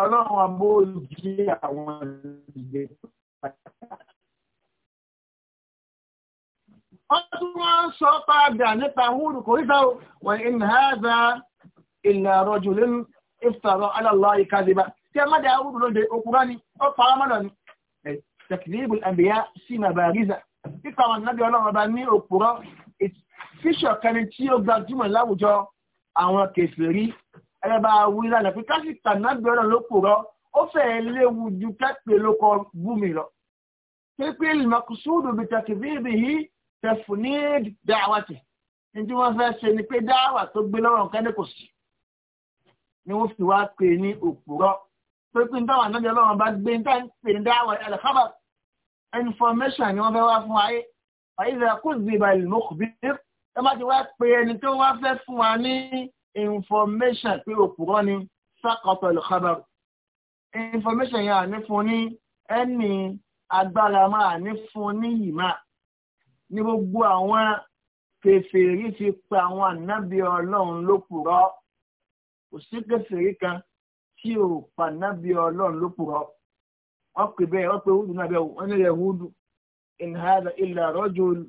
ọlọ́run àbó jí Wọ́n tún wọ́n sọ nípa kò rí sáwọ́ wọ́n illa rajulun iftara ala Allahi kadhiba tí a má dá arúgbó lóde òkúra ni ó fara mọ́nà ni takdhibul anbiya sí mabariza pípa àwọn nàbí ọlọ́run ọba ní òkúrọ́ fíṣọ̀ kẹni tí ó gbajúmọ̀ láwùjọ àwọn kèfèrí ẹlẹ́bà wí lánàá pé káṣíkà nàbí ọlọ́run ló kúrọ́ ó fẹ́ẹ́ léwu ju kápẹ́ ló kọ búmi lọ. pípé ìmọ̀kùsùdù bí takdhibi yìí tẹ̀fù ní dáwàtì ní tí wọ́n fẹ́ ṣe ni pé dáwà tó gbé lọ́rọ̀ nǹkan kò sí ni wọ́n fi wá pè ní òpùrọ́ pé pé nítawọn ànájọ ọlọ́run bá gbé níta ń pè ní dáwọ̀ alhaba information ni wọ́n fẹ́ wá fún ayé àyíṣẹ́ kò sí ìbàlẹ̀ mọ́kùbí ẹ má ti wá pè ẹni tó wá fẹ́ fún wa ní information pé òpùrọ́ ni sákọ̀tọ̀ alhaba information yẹn àní fún ní ẹni agbára máa ní fún ní ìmá ní gbogbo àwọn kèfèrí ti pa àwọn ànábì ọlọ́run lópùrọ́. kò sí kẹsìrì kan tí ò pànábì ọlọ́run ló purọ́ wọ́n pè bẹ́ẹ̀ wọ́n náà bẹ́ẹ̀ wọ́n in hadha illa rajul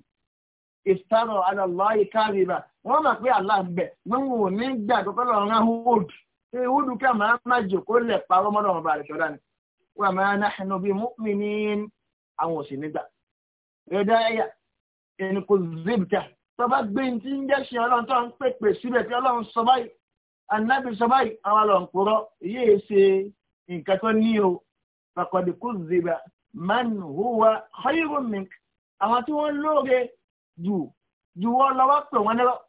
istara ala Allahi kadhiba wọ́n mọ̀ pé Allah ń bẹ̀ wọ́n wò ní gbà tó kọ́ lọ́run náà húdù ṣé húdù ká máa má jò kó lẹ̀ ni ma nahnu àwọn òsì nígbà ẹ̀dá ẹ̀yà kò gbé ní ti ń anábì sọ́bà yìí àwọn alọ̀nkúrọ̀ yìí ṣe nǹkan tó ní o faqad kuzziba man huwa khayrun mink àwọn tí wọ́n lóore jù jù wọ́n lọ́wọ́ pè wọ́n lọ́wọ́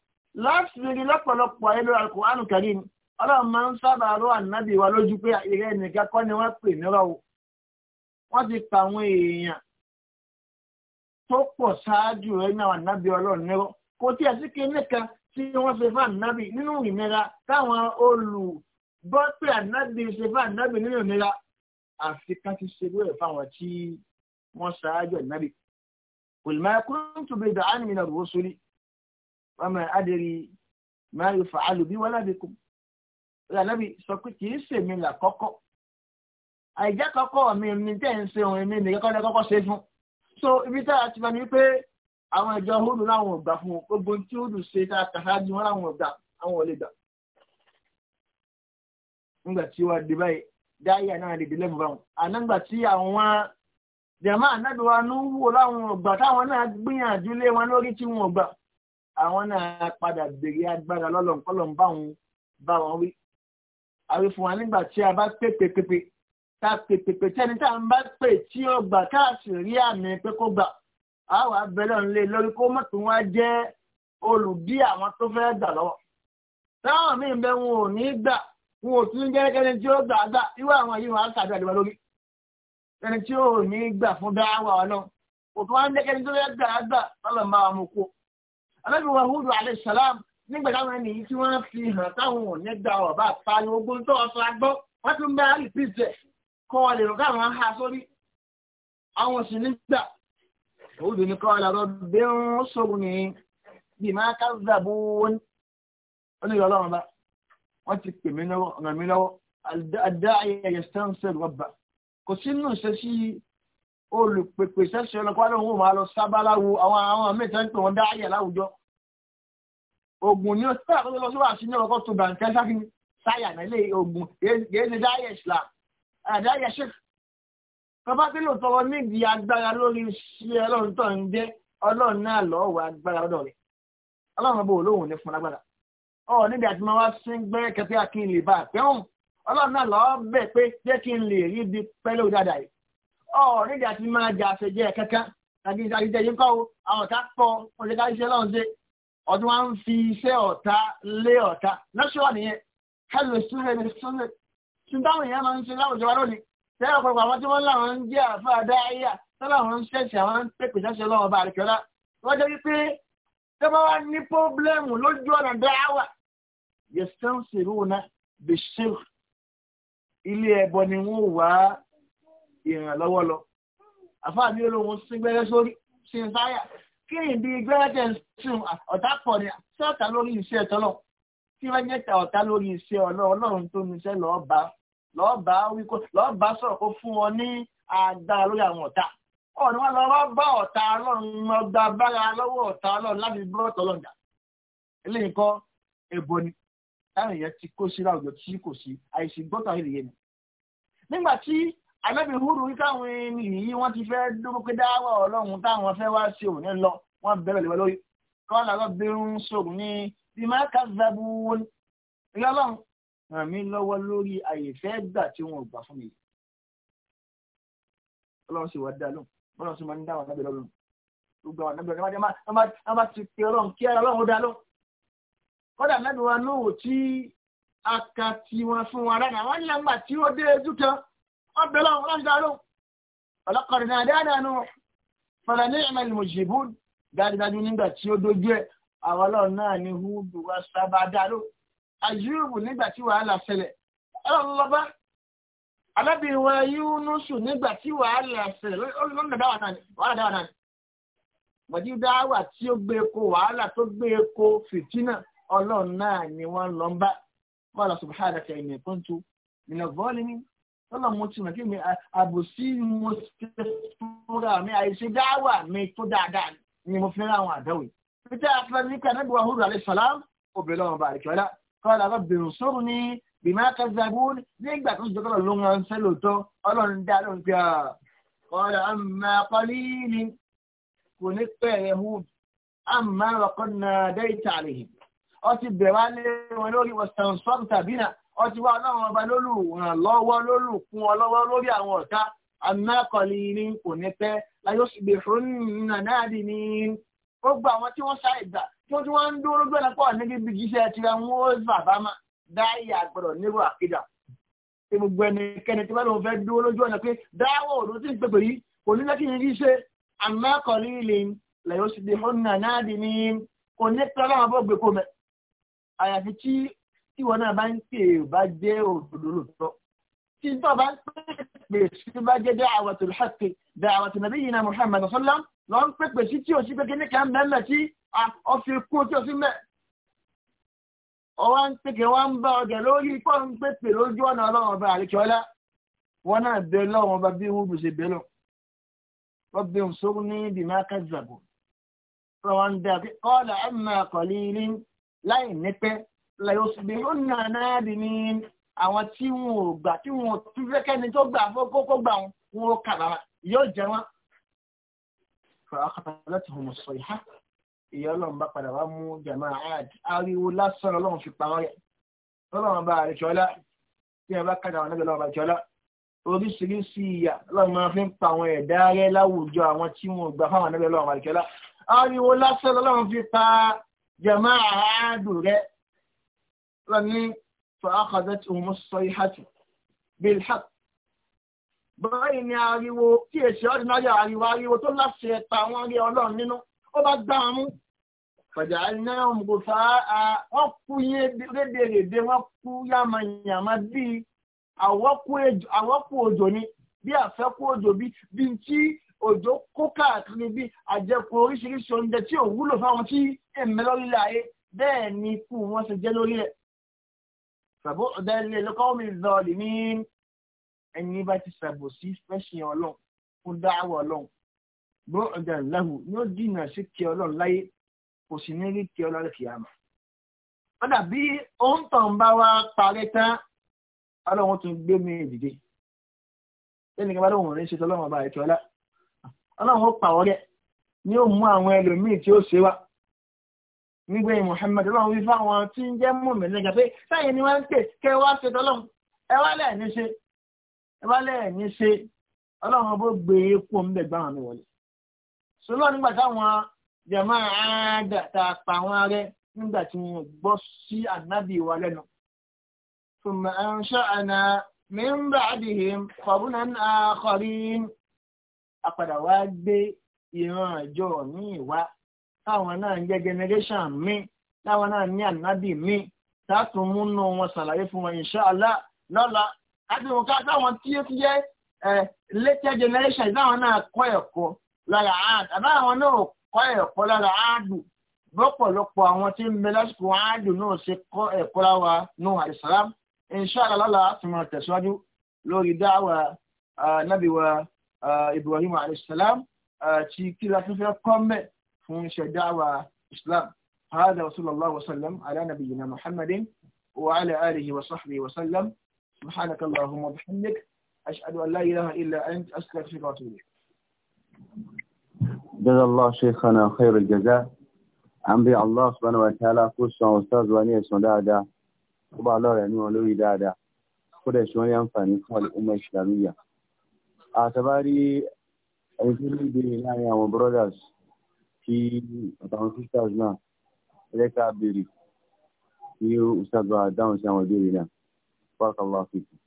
láti rí lọ́pọ̀lọpọ̀ ayélu Al-Qur'an Karim ọlọ́run máa ń sábà rọ ànábì wa lójú pé ìrẹ́ nìkan kọ́ ni wọ́n pè nírọ̀ o wọ́n ti pa àwọn èèyàn tó pọ̀ ṣáájú rẹ̀ ní àwọn ànábì ọlọ́run nírọ̀ kò tí ẹ̀ sí kí nìkan tí wọ́n ṣe fún ànábì nínú ìnira táwọn olùgbọ́ pé ànábì ṣe fún ànábì nínú ìnira àfi ká ti ṣe lóyè fáwọn tí wọ́n ṣáájú ànábì. qul ma kuntu bid'an min ar-rusuli wa ma adri ma yuf'alu bi wala bikum. ànábì sọ pé kì í ṣèmi là kọ́kọ́ àìjẹ́ kọ́kọ́ mi ní tẹ́ ń ṣe òun mi nìkan kọ́kọ́ ṣe fún. so ibi tá a ti bá mi pé àwọn ìjọ hóòdù láwọn ọ̀gbà fún wọn gbogbo tí hóòdù ṣe tá a kàkà ju wọn láwọn ọ̀gbà àwọn ọ̀lẹ́ gbà. nígbà tí wàá dé báyìí dáyà náà lè dé lẹ́bùn báwọn ànágbà tí àwọn jàmá ànádùá ń wò láwọn ọ̀gbà táwọn náà gbìyànjú lé wọn lórí tí wọn ọ̀gbà àwọn náà padà béèrè agbára lọ́lọ́nkọ́lọ́ bá wọn wí àwọn fún wa nígbà tí a bá pè pèpèpè tá pèpèpè tẹni tá à bá pè tí ó káàsì rí àmì pé a wà bẹ̀rẹ̀ ń lé lórí kó má tún wá jẹ́ olùdí àwọn tó fẹ́ gbà lọ́wọ́ táwọn míì ń bẹ wọn ò ní gbà wọn ò tún jẹ́ kẹ́ni tí ó gbà gbà irú àwọn yìí wọn á kàdé àdìbò lórí kẹ́ni tí ó ní gbà fún dáhùn àwọn náà kò tún wá ń dẹ́kẹ́ni tó fẹ́ gbà gbà lọ́lọ́ máa mú kó alábì wa hudu alayhi salam nígbà táwọn ẹni yìí tí wọ́n fi hàn táwọn ò ní gba ọ̀bá àpáyọ ogun tó ọ̀sán agbọ́ wọ́n tún bá rí píṣẹ̀ kọ́ ọ lè rò Dawud ní qala rabbi unsurni bima kazzabun ó ní ìrọ̀lọ́run bá wọ́n ti pè mí lọ́wọ́ ràn mí lọ́wọ́ ad-da'i yastansir rabba kò sínú ìṣesí olùpèpè sẹ́sẹ̀ ọlọ́pàá lóun ò máa lọ sábàláwo àwọn àwọn mẹ́ta ń pè wọ́n dáyà láwùjọ ogun ni ó sábà tó lọ síwájú sí ní ọkọ̀ tó bàǹkẹ́ sáyà bàbá tí lóòótọ́ wọn nídìí agbára lórí iṣẹ́ ọlọ́run tó ń jẹ́ ọlọ́run náà lọ́ọ́ wọ agbára ọ̀dọ̀ rẹ̀ ọlọ́run bò lóhùn ní fún lágbára ọ̀ nídìí àti máa wá sí gbẹ́rẹ́ kẹfẹ́ kí n lè bá àpẹ́hùn ọlọ́run náà lọ́ọ́ bẹ̀ pé jẹ́ kí n lè rí ibi pẹ́lú dáadáa yìí ọ̀ nídìí àti máa jà àṣejẹ́ kankan tàbí àṣejẹ́ yìí kọ́ àwọn ká pọ̀ ọ̀ṣẹ̀ká ṣe ni ṣe láwùjọ ṣé ọ̀pọ̀lọpọ̀ àwọn tí wọ́n láwọn ń jẹ́ àfa àdáyà tó láwọn ń ṣẹ̀ṣẹ̀ àwọn ń pèpè ṣẹ̀ṣẹ̀ lọ́wọ́ bá àríkọ́lá wọ́n jẹ́ wípé tó bá wá ní pọ́blẹ́mù lójú ọ̀nà dáwà yẹ̀sán sèrúnà bẹ̀ṣẹ̀ ilé ẹ̀bọ ni wọ́n wá ìrànlọ́wọ́ lọ àfa mi olóhùn sígbẹ́rẹ́ sórí sí ń sáyà kí ni bí gbẹ́rẹ́ tẹ̀ ń sùn ọ̀tá pọ̀ ni sọ́ọ̀tà lórí iṣẹ́ tọ́lọ̀ tí wọ́n jẹ́ ọ̀tá lórí iṣẹ́ ọlọ́run tó ní iṣẹ́ lọ́ọ́ bá lọ́ọ̀bá wíkó lọ́ọ̀bá sọ̀rọ̀ kó fún ọ ní agbára lórí àwọn ọ̀tá ọ̀nà wọn lọ́ọ́ bá ọ̀tá ọlọ́run ọgbà bára lọ́wọ́ ọ̀tá ọlọ́run láti bọ́ọ̀tọ̀ ọlọ́run dà eléyìí kọ́ ẹbọ ni táwọn èèyàn ti kó sí láwùjọ tí kò sí àìsí gbọ́tọ̀ ayé nìyẹn nígbà tí alábì húrù káwọn ènìyàn yìí wọ́n ti fẹ́ dúró pé dáwọ́ ọlọ́run táwọn fẹ́ wá sí òun lọ wọ́n bẹ̀rẹ̀ lè wọ́n lórí kọ́ làwọn bí ń sòrò ní bí má kà ràn mí lọ́wọ́ lórí àyèfẹ́ gbà tí wọn ò gbà fún mi. ọlọ́run sì wá dá lóhùn ọlọ́run sì máa ń dá àwọn anábìrẹ́ lóhùn gbogbo àwọn anábìrẹ́ náà wọ́n bá ti pe ọlọ́run kí ara ọlọ́run dá lóhùn. kọ́dà náà ni wọn lóhùn tí a kà tí wọn fún wa rárá wọn ní àgbà tí ó dé ojú kan wọn bẹ lọ́run ọlọ́run dá ọlọ́kọ̀rin náà dáadáa nù ní ìmọ̀ ìmọ̀jìbù dáadáa nígbà tí ó dojú ẹ̀ àwọn ọlọ́run náà ni húdù wa sábà dá ayúbù nígbà tí wàhálà ṣẹlẹ̀ ọlọ́ba alábìnrin wa yúnúṣù nígbà tí wàhálà ṣẹlẹ̀ lọ́nà dáwà náà ni wàhálà dáwà náà ni mọ̀jú dáwà tí ó gbé eko wàhálà tó gbé eko fìtínà ọlọ́run náà ni wọ́n lọ ń bá bọ́ọ̀lù subhanaka inni kuntu minaz zalimin tọ́lọ̀ mo ti mọ̀ kí mi àbòsí mo ti fúnra mi àìṣe dáwà mi tó dáadáa ni mo fi ń ra àwọn àdáwì. peter afrani kan níbi wàhùrù alayhi salam obìnrin ọba àdìkẹ́ ọ̀la kọ́lá rabbi nsurni bima kazzabun nígbà tó ń sọ kọ́lá ló ń ránṣẹ́ lóòótọ́ ọlọ́run dá lóhùn pé kọ́lá amma qalili kò ní pẹ́ ẹ̀ hù amma waqadna dayta alayhim ọtí bẹ̀rẹ̀ wá lé wọn lórí western sub tabina ọtí wá ọlọ́run ọba lólùrànlọ́wọ́ lólùkún ọlọ́wọ́ lórí àwọn ọ̀tá amákọ̀lì ní kò ní pẹ́ láyé ó sì gbè fún nànáàdì ní gbogbo àwọn tí wọ́n ṣàìgbà tó tí wọ́n ń dúró gbẹ́nà pọ̀ níbi bí jíṣẹ́ tira wọn ó bàbá má dáìyà gbọ́dọ̀ nírò àkídà tí gbogbo ẹnikẹ́ni tí wọ́n fẹ́ dúró lójú ọ̀nà pé dáwọ̀ òdo tí ń pèpè yìí kò ní lẹ́kìn yìí ṣe àmọ́ kọ̀rí ilé lẹ́yìn oṣù tí ó nà náà dì ní kò ní pẹ́ láwọn bó gbé kó mẹ́ àyàfi tí tí wọn náà bá ń pè bá jẹ́ òdodo lòtọ́ tí tó bá ń pè tí bá jẹ́ da'watul haqqi da'watu nabiyyina Muhammad sallam lọ ń pèpè sí tí o sí pé kíní kan mẹ́mẹ́ sí ọ̀fìn kú tí o sí mẹ́ ọwọ́ ń pèkè wọ́n ń bá ọjà lórí pọ́ ń pèpè lójú ọ̀nà ọlọ́run ọba àríkíọ́lá wọn náà bẹ lọ́wọ́n ọba bí wọ́n gbèsè bẹ́ẹ̀ lọ. wọ́n bẹ ń sọ ní bìmá kazzabu wọ́n dà pé qala amma qalilin láì nípẹ́ la àwọn tí wọn ò gbà tí wọn ò tún fẹ́ kẹ́ni tó gbà fún kókó gbà wọn wọn ò kàbàrà yóò jẹ wọn. fàákàtàlẹ́tì hùmù sọ ìhá ìyá ọlọ́run bá padà wá mú jàmá àd ariwo lásán ọlọ́run fi pa wọ́n yẹ ọlọ́run bá àrẹ̀jọ́lá tí wọn bá kàdà wọn lọ́gbẹ̀ẹ́ lọ́run àrẹ̀jọ́lá oríṣiríṣi ìyà ọlọ́run máa fi ń pa àwọn ẹ̀dá rẹ láwùjọ àwọn tí wọn ò gbà fáwọn ọ̀nà lọ́run àrẹ̀jọ́lá فأخذتهم الصيحة بالحق báyìí ni ariwo tí èsì ordinary ariwo ariwo tó láti ẹ̀ta wọn rí ọlọ́run nínú ó bá dá wọn mú fàjà iná òmùgòfà wọn kú yé rédèrèdè wọn kú yàmàyàmà bíi àwọ́kù òjò ni bí àfẹ́kù òjò bí bí tí òjò kó káàkiri bí àjẹkù oríṣiríṣi oúnjẹ tí ò wúlò fáwọn tí èmi lórílẹ̀ ayé bẹ́ẹ̀ ni ikú wọn ṣe jẹ́ lórí ẹ̀. بعدا للقوم الظالمين ẹni bá ti ṣàbòsí fẹ́sìn ọlọ́run fún dáwọ́ ọlọ́run بعدا له yóò dìnà sí kí ọlọ́run láyé kò sì ní rí kí ọlọ́run kì í àmà. kódà bí òun tàn bá wá parí tán ọlọ́run tún gbé mi dìde lẹ́nìkan bá lóun ò ní ṣe tọ́lọ́run ọba ètò ọlọ́run ó pàwọ́ rẹ̀ ni ó mú àwọn ẹlòmíì tí ó ṣe wá nígbẹ̀yìn Muhammad ọlọ́run wí fáwọn tí ń jẹ́ mú mi lẹ́gà pé sáyẹn ni wọ́n ń pè kẹ́ wá ṣe tọ́lọ́run ẹ wá lẹ́ẹ̀ ní ṣe ẹ wá lẹ́ẹ̀ ní ṣe ọlọ́run bó gbé e kú omi bẹ̀gbọ́n àwọn wọlé. sọlọ́ nígbà táwọn jẹ̀mọ́ àádà tá pa àwọn arẹ nígbà tí wọ́n gbọ́ sí ànábì wa lẹ́nu. thumma ansha'na min ba'dihim qarunan akharin àpàdà wá gbé ìran àjọ ní ìwá táwọn náà ń jẹ́ generation mi táwọn náà ní ànábì mi tààtún múnú wọn ṣàlàyé fún wọn insha Allah lọ́la àdéhùn ká táwọn tí ó ti jẹ́ later generation táwọn náà kọ́ ẹ̀kọ́ lára áàdù àbáwọn náà kọ́ ẹ̀kọ́ lára áàdù lọ́pọ̀lọpọ̀ àwọn tí ń bẹ lásìkò áàdù náà ṣe kọ́ ẹ̀kọ́ láwa nù àìsàlám insha Allah lọ́la fi máa tẹ̀síwájú lórí dáwà nábìwá Ibrahim alayhisalam ti kí la fẹ́ kọ́ mẹ́ẹ̀. ينشئ دعوة إسلام هذا رسول الله عليه وسلم على نبينا محمد وعلى آله وصحبه وسلم سبحانك اللهم وبحمدك أشهد أن لا إله إلا أنت أستغفرك الله جزا الله شيخنا خير الجزاء عم بي الله سبحانه وتعالى كوسا استاذ واني سندا دا وبا الله يعني ولوي دا دا كده شلون ينفعني خالي امه الاسلاميه اعتباري انتي دي يا برادرز kí àtàwọn sisters náà ẹjẹ́ ká béèrè kí ìṣàgbà dáhùn sí àwọn ìbéèrè náà barakallahu fikum.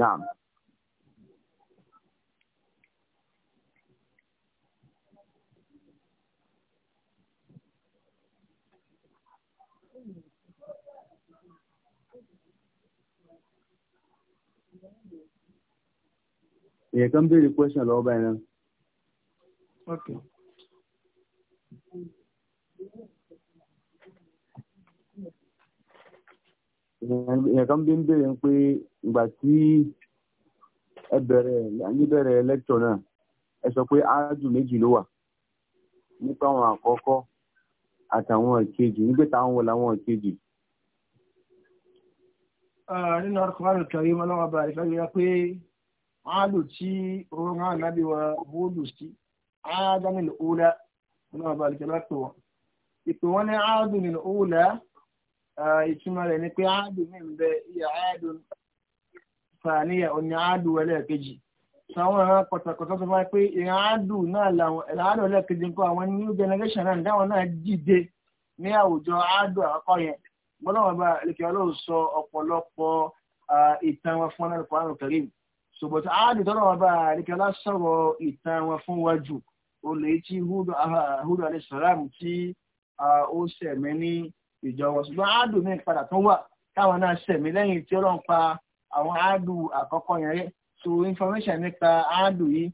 Naam. èèyàn kan béèrè question Okay. èèyàn kan bí ń béèrè ń pé ìgbà tí ẹ bẹ̀rẹ̀ níbẹ̀rẹ̀ lẹ́kítọ̀ náà ẹ sọ pé áájù méjì ló wà nípa àwọn àkọ́kọ́ àtàwọn ìkejì nígbà táwọn wọ làwọn ìkejì. Ah, nínú ọkọ̀ a tí orun hàn nábì wa bóòlù sí ádámì lòólà wọn náà balùwẹ̀ lápò wọn. ìpè wọn ní aadu ní lòólà ìtumọ̀ rẹ̀ ni pé aadu mi bẹ iye aadu fàníyà òní aadu wọlé kejì. sàwọn ẹ̀rọ new generation N'i ìtàn fún àrùn kẹrìmù ṣùgbọ́n áàdì tọ́lọ̀ wọn bá àríkẹ́ lásọ̀rọ̀ ìtàn wọn fún wa jù ó lè tí húdù ah, alẹ́sàlámù tí ó sẹ̀mí ní ìjọ wọn ṣùgbọ́n áàdù ní ìpadà tó wà káwọn náà sẹ̀mí lẹ́yìn tí ọlọ́run pa àwọn áàdù àkọ́kọ́ yẹn rẹ́ so information nípa áàdù yìí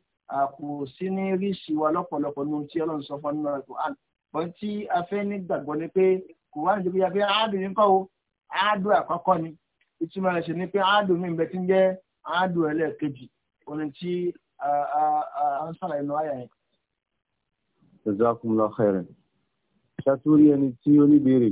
kò sí ní ríṣì wa lọ́pọ̀lọpọ̀ nínú tí ọlọ́run sọ fún nínú Qur'an bọ́n tí a fẹ́ nígbàgbọ́ ni pé kò wá níjọba pé áàdù yìí kọ́ o áàdù àkọ́kọ́ ni ìtumọ̀ rẹ̀ ṣe ni pé áàdù mi ń bẹ ti ń jẹ́ áádùn ẹlẹ́ẹ̀kejì orin tí a ń sàlàyé lọ àyà yẹn. jazakumullahu khairan ṣàtúrí ẹni tí ó ní béèrè.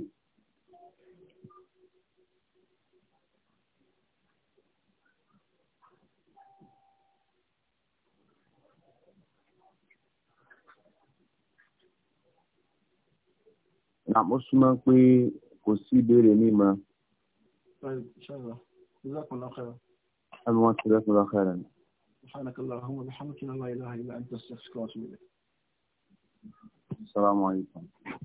àmọ́ súnmọ́ pé kò sí ìbéèrè mi mọ́. ṣe ṣe ṣe ṣe ṣe ṣe ṣe ṣe أموات جزاكم الله خيرا سبحانك اللهم وبحمدك لا إله إلا أنت استغفرك وأتوب إليك السلام عليكم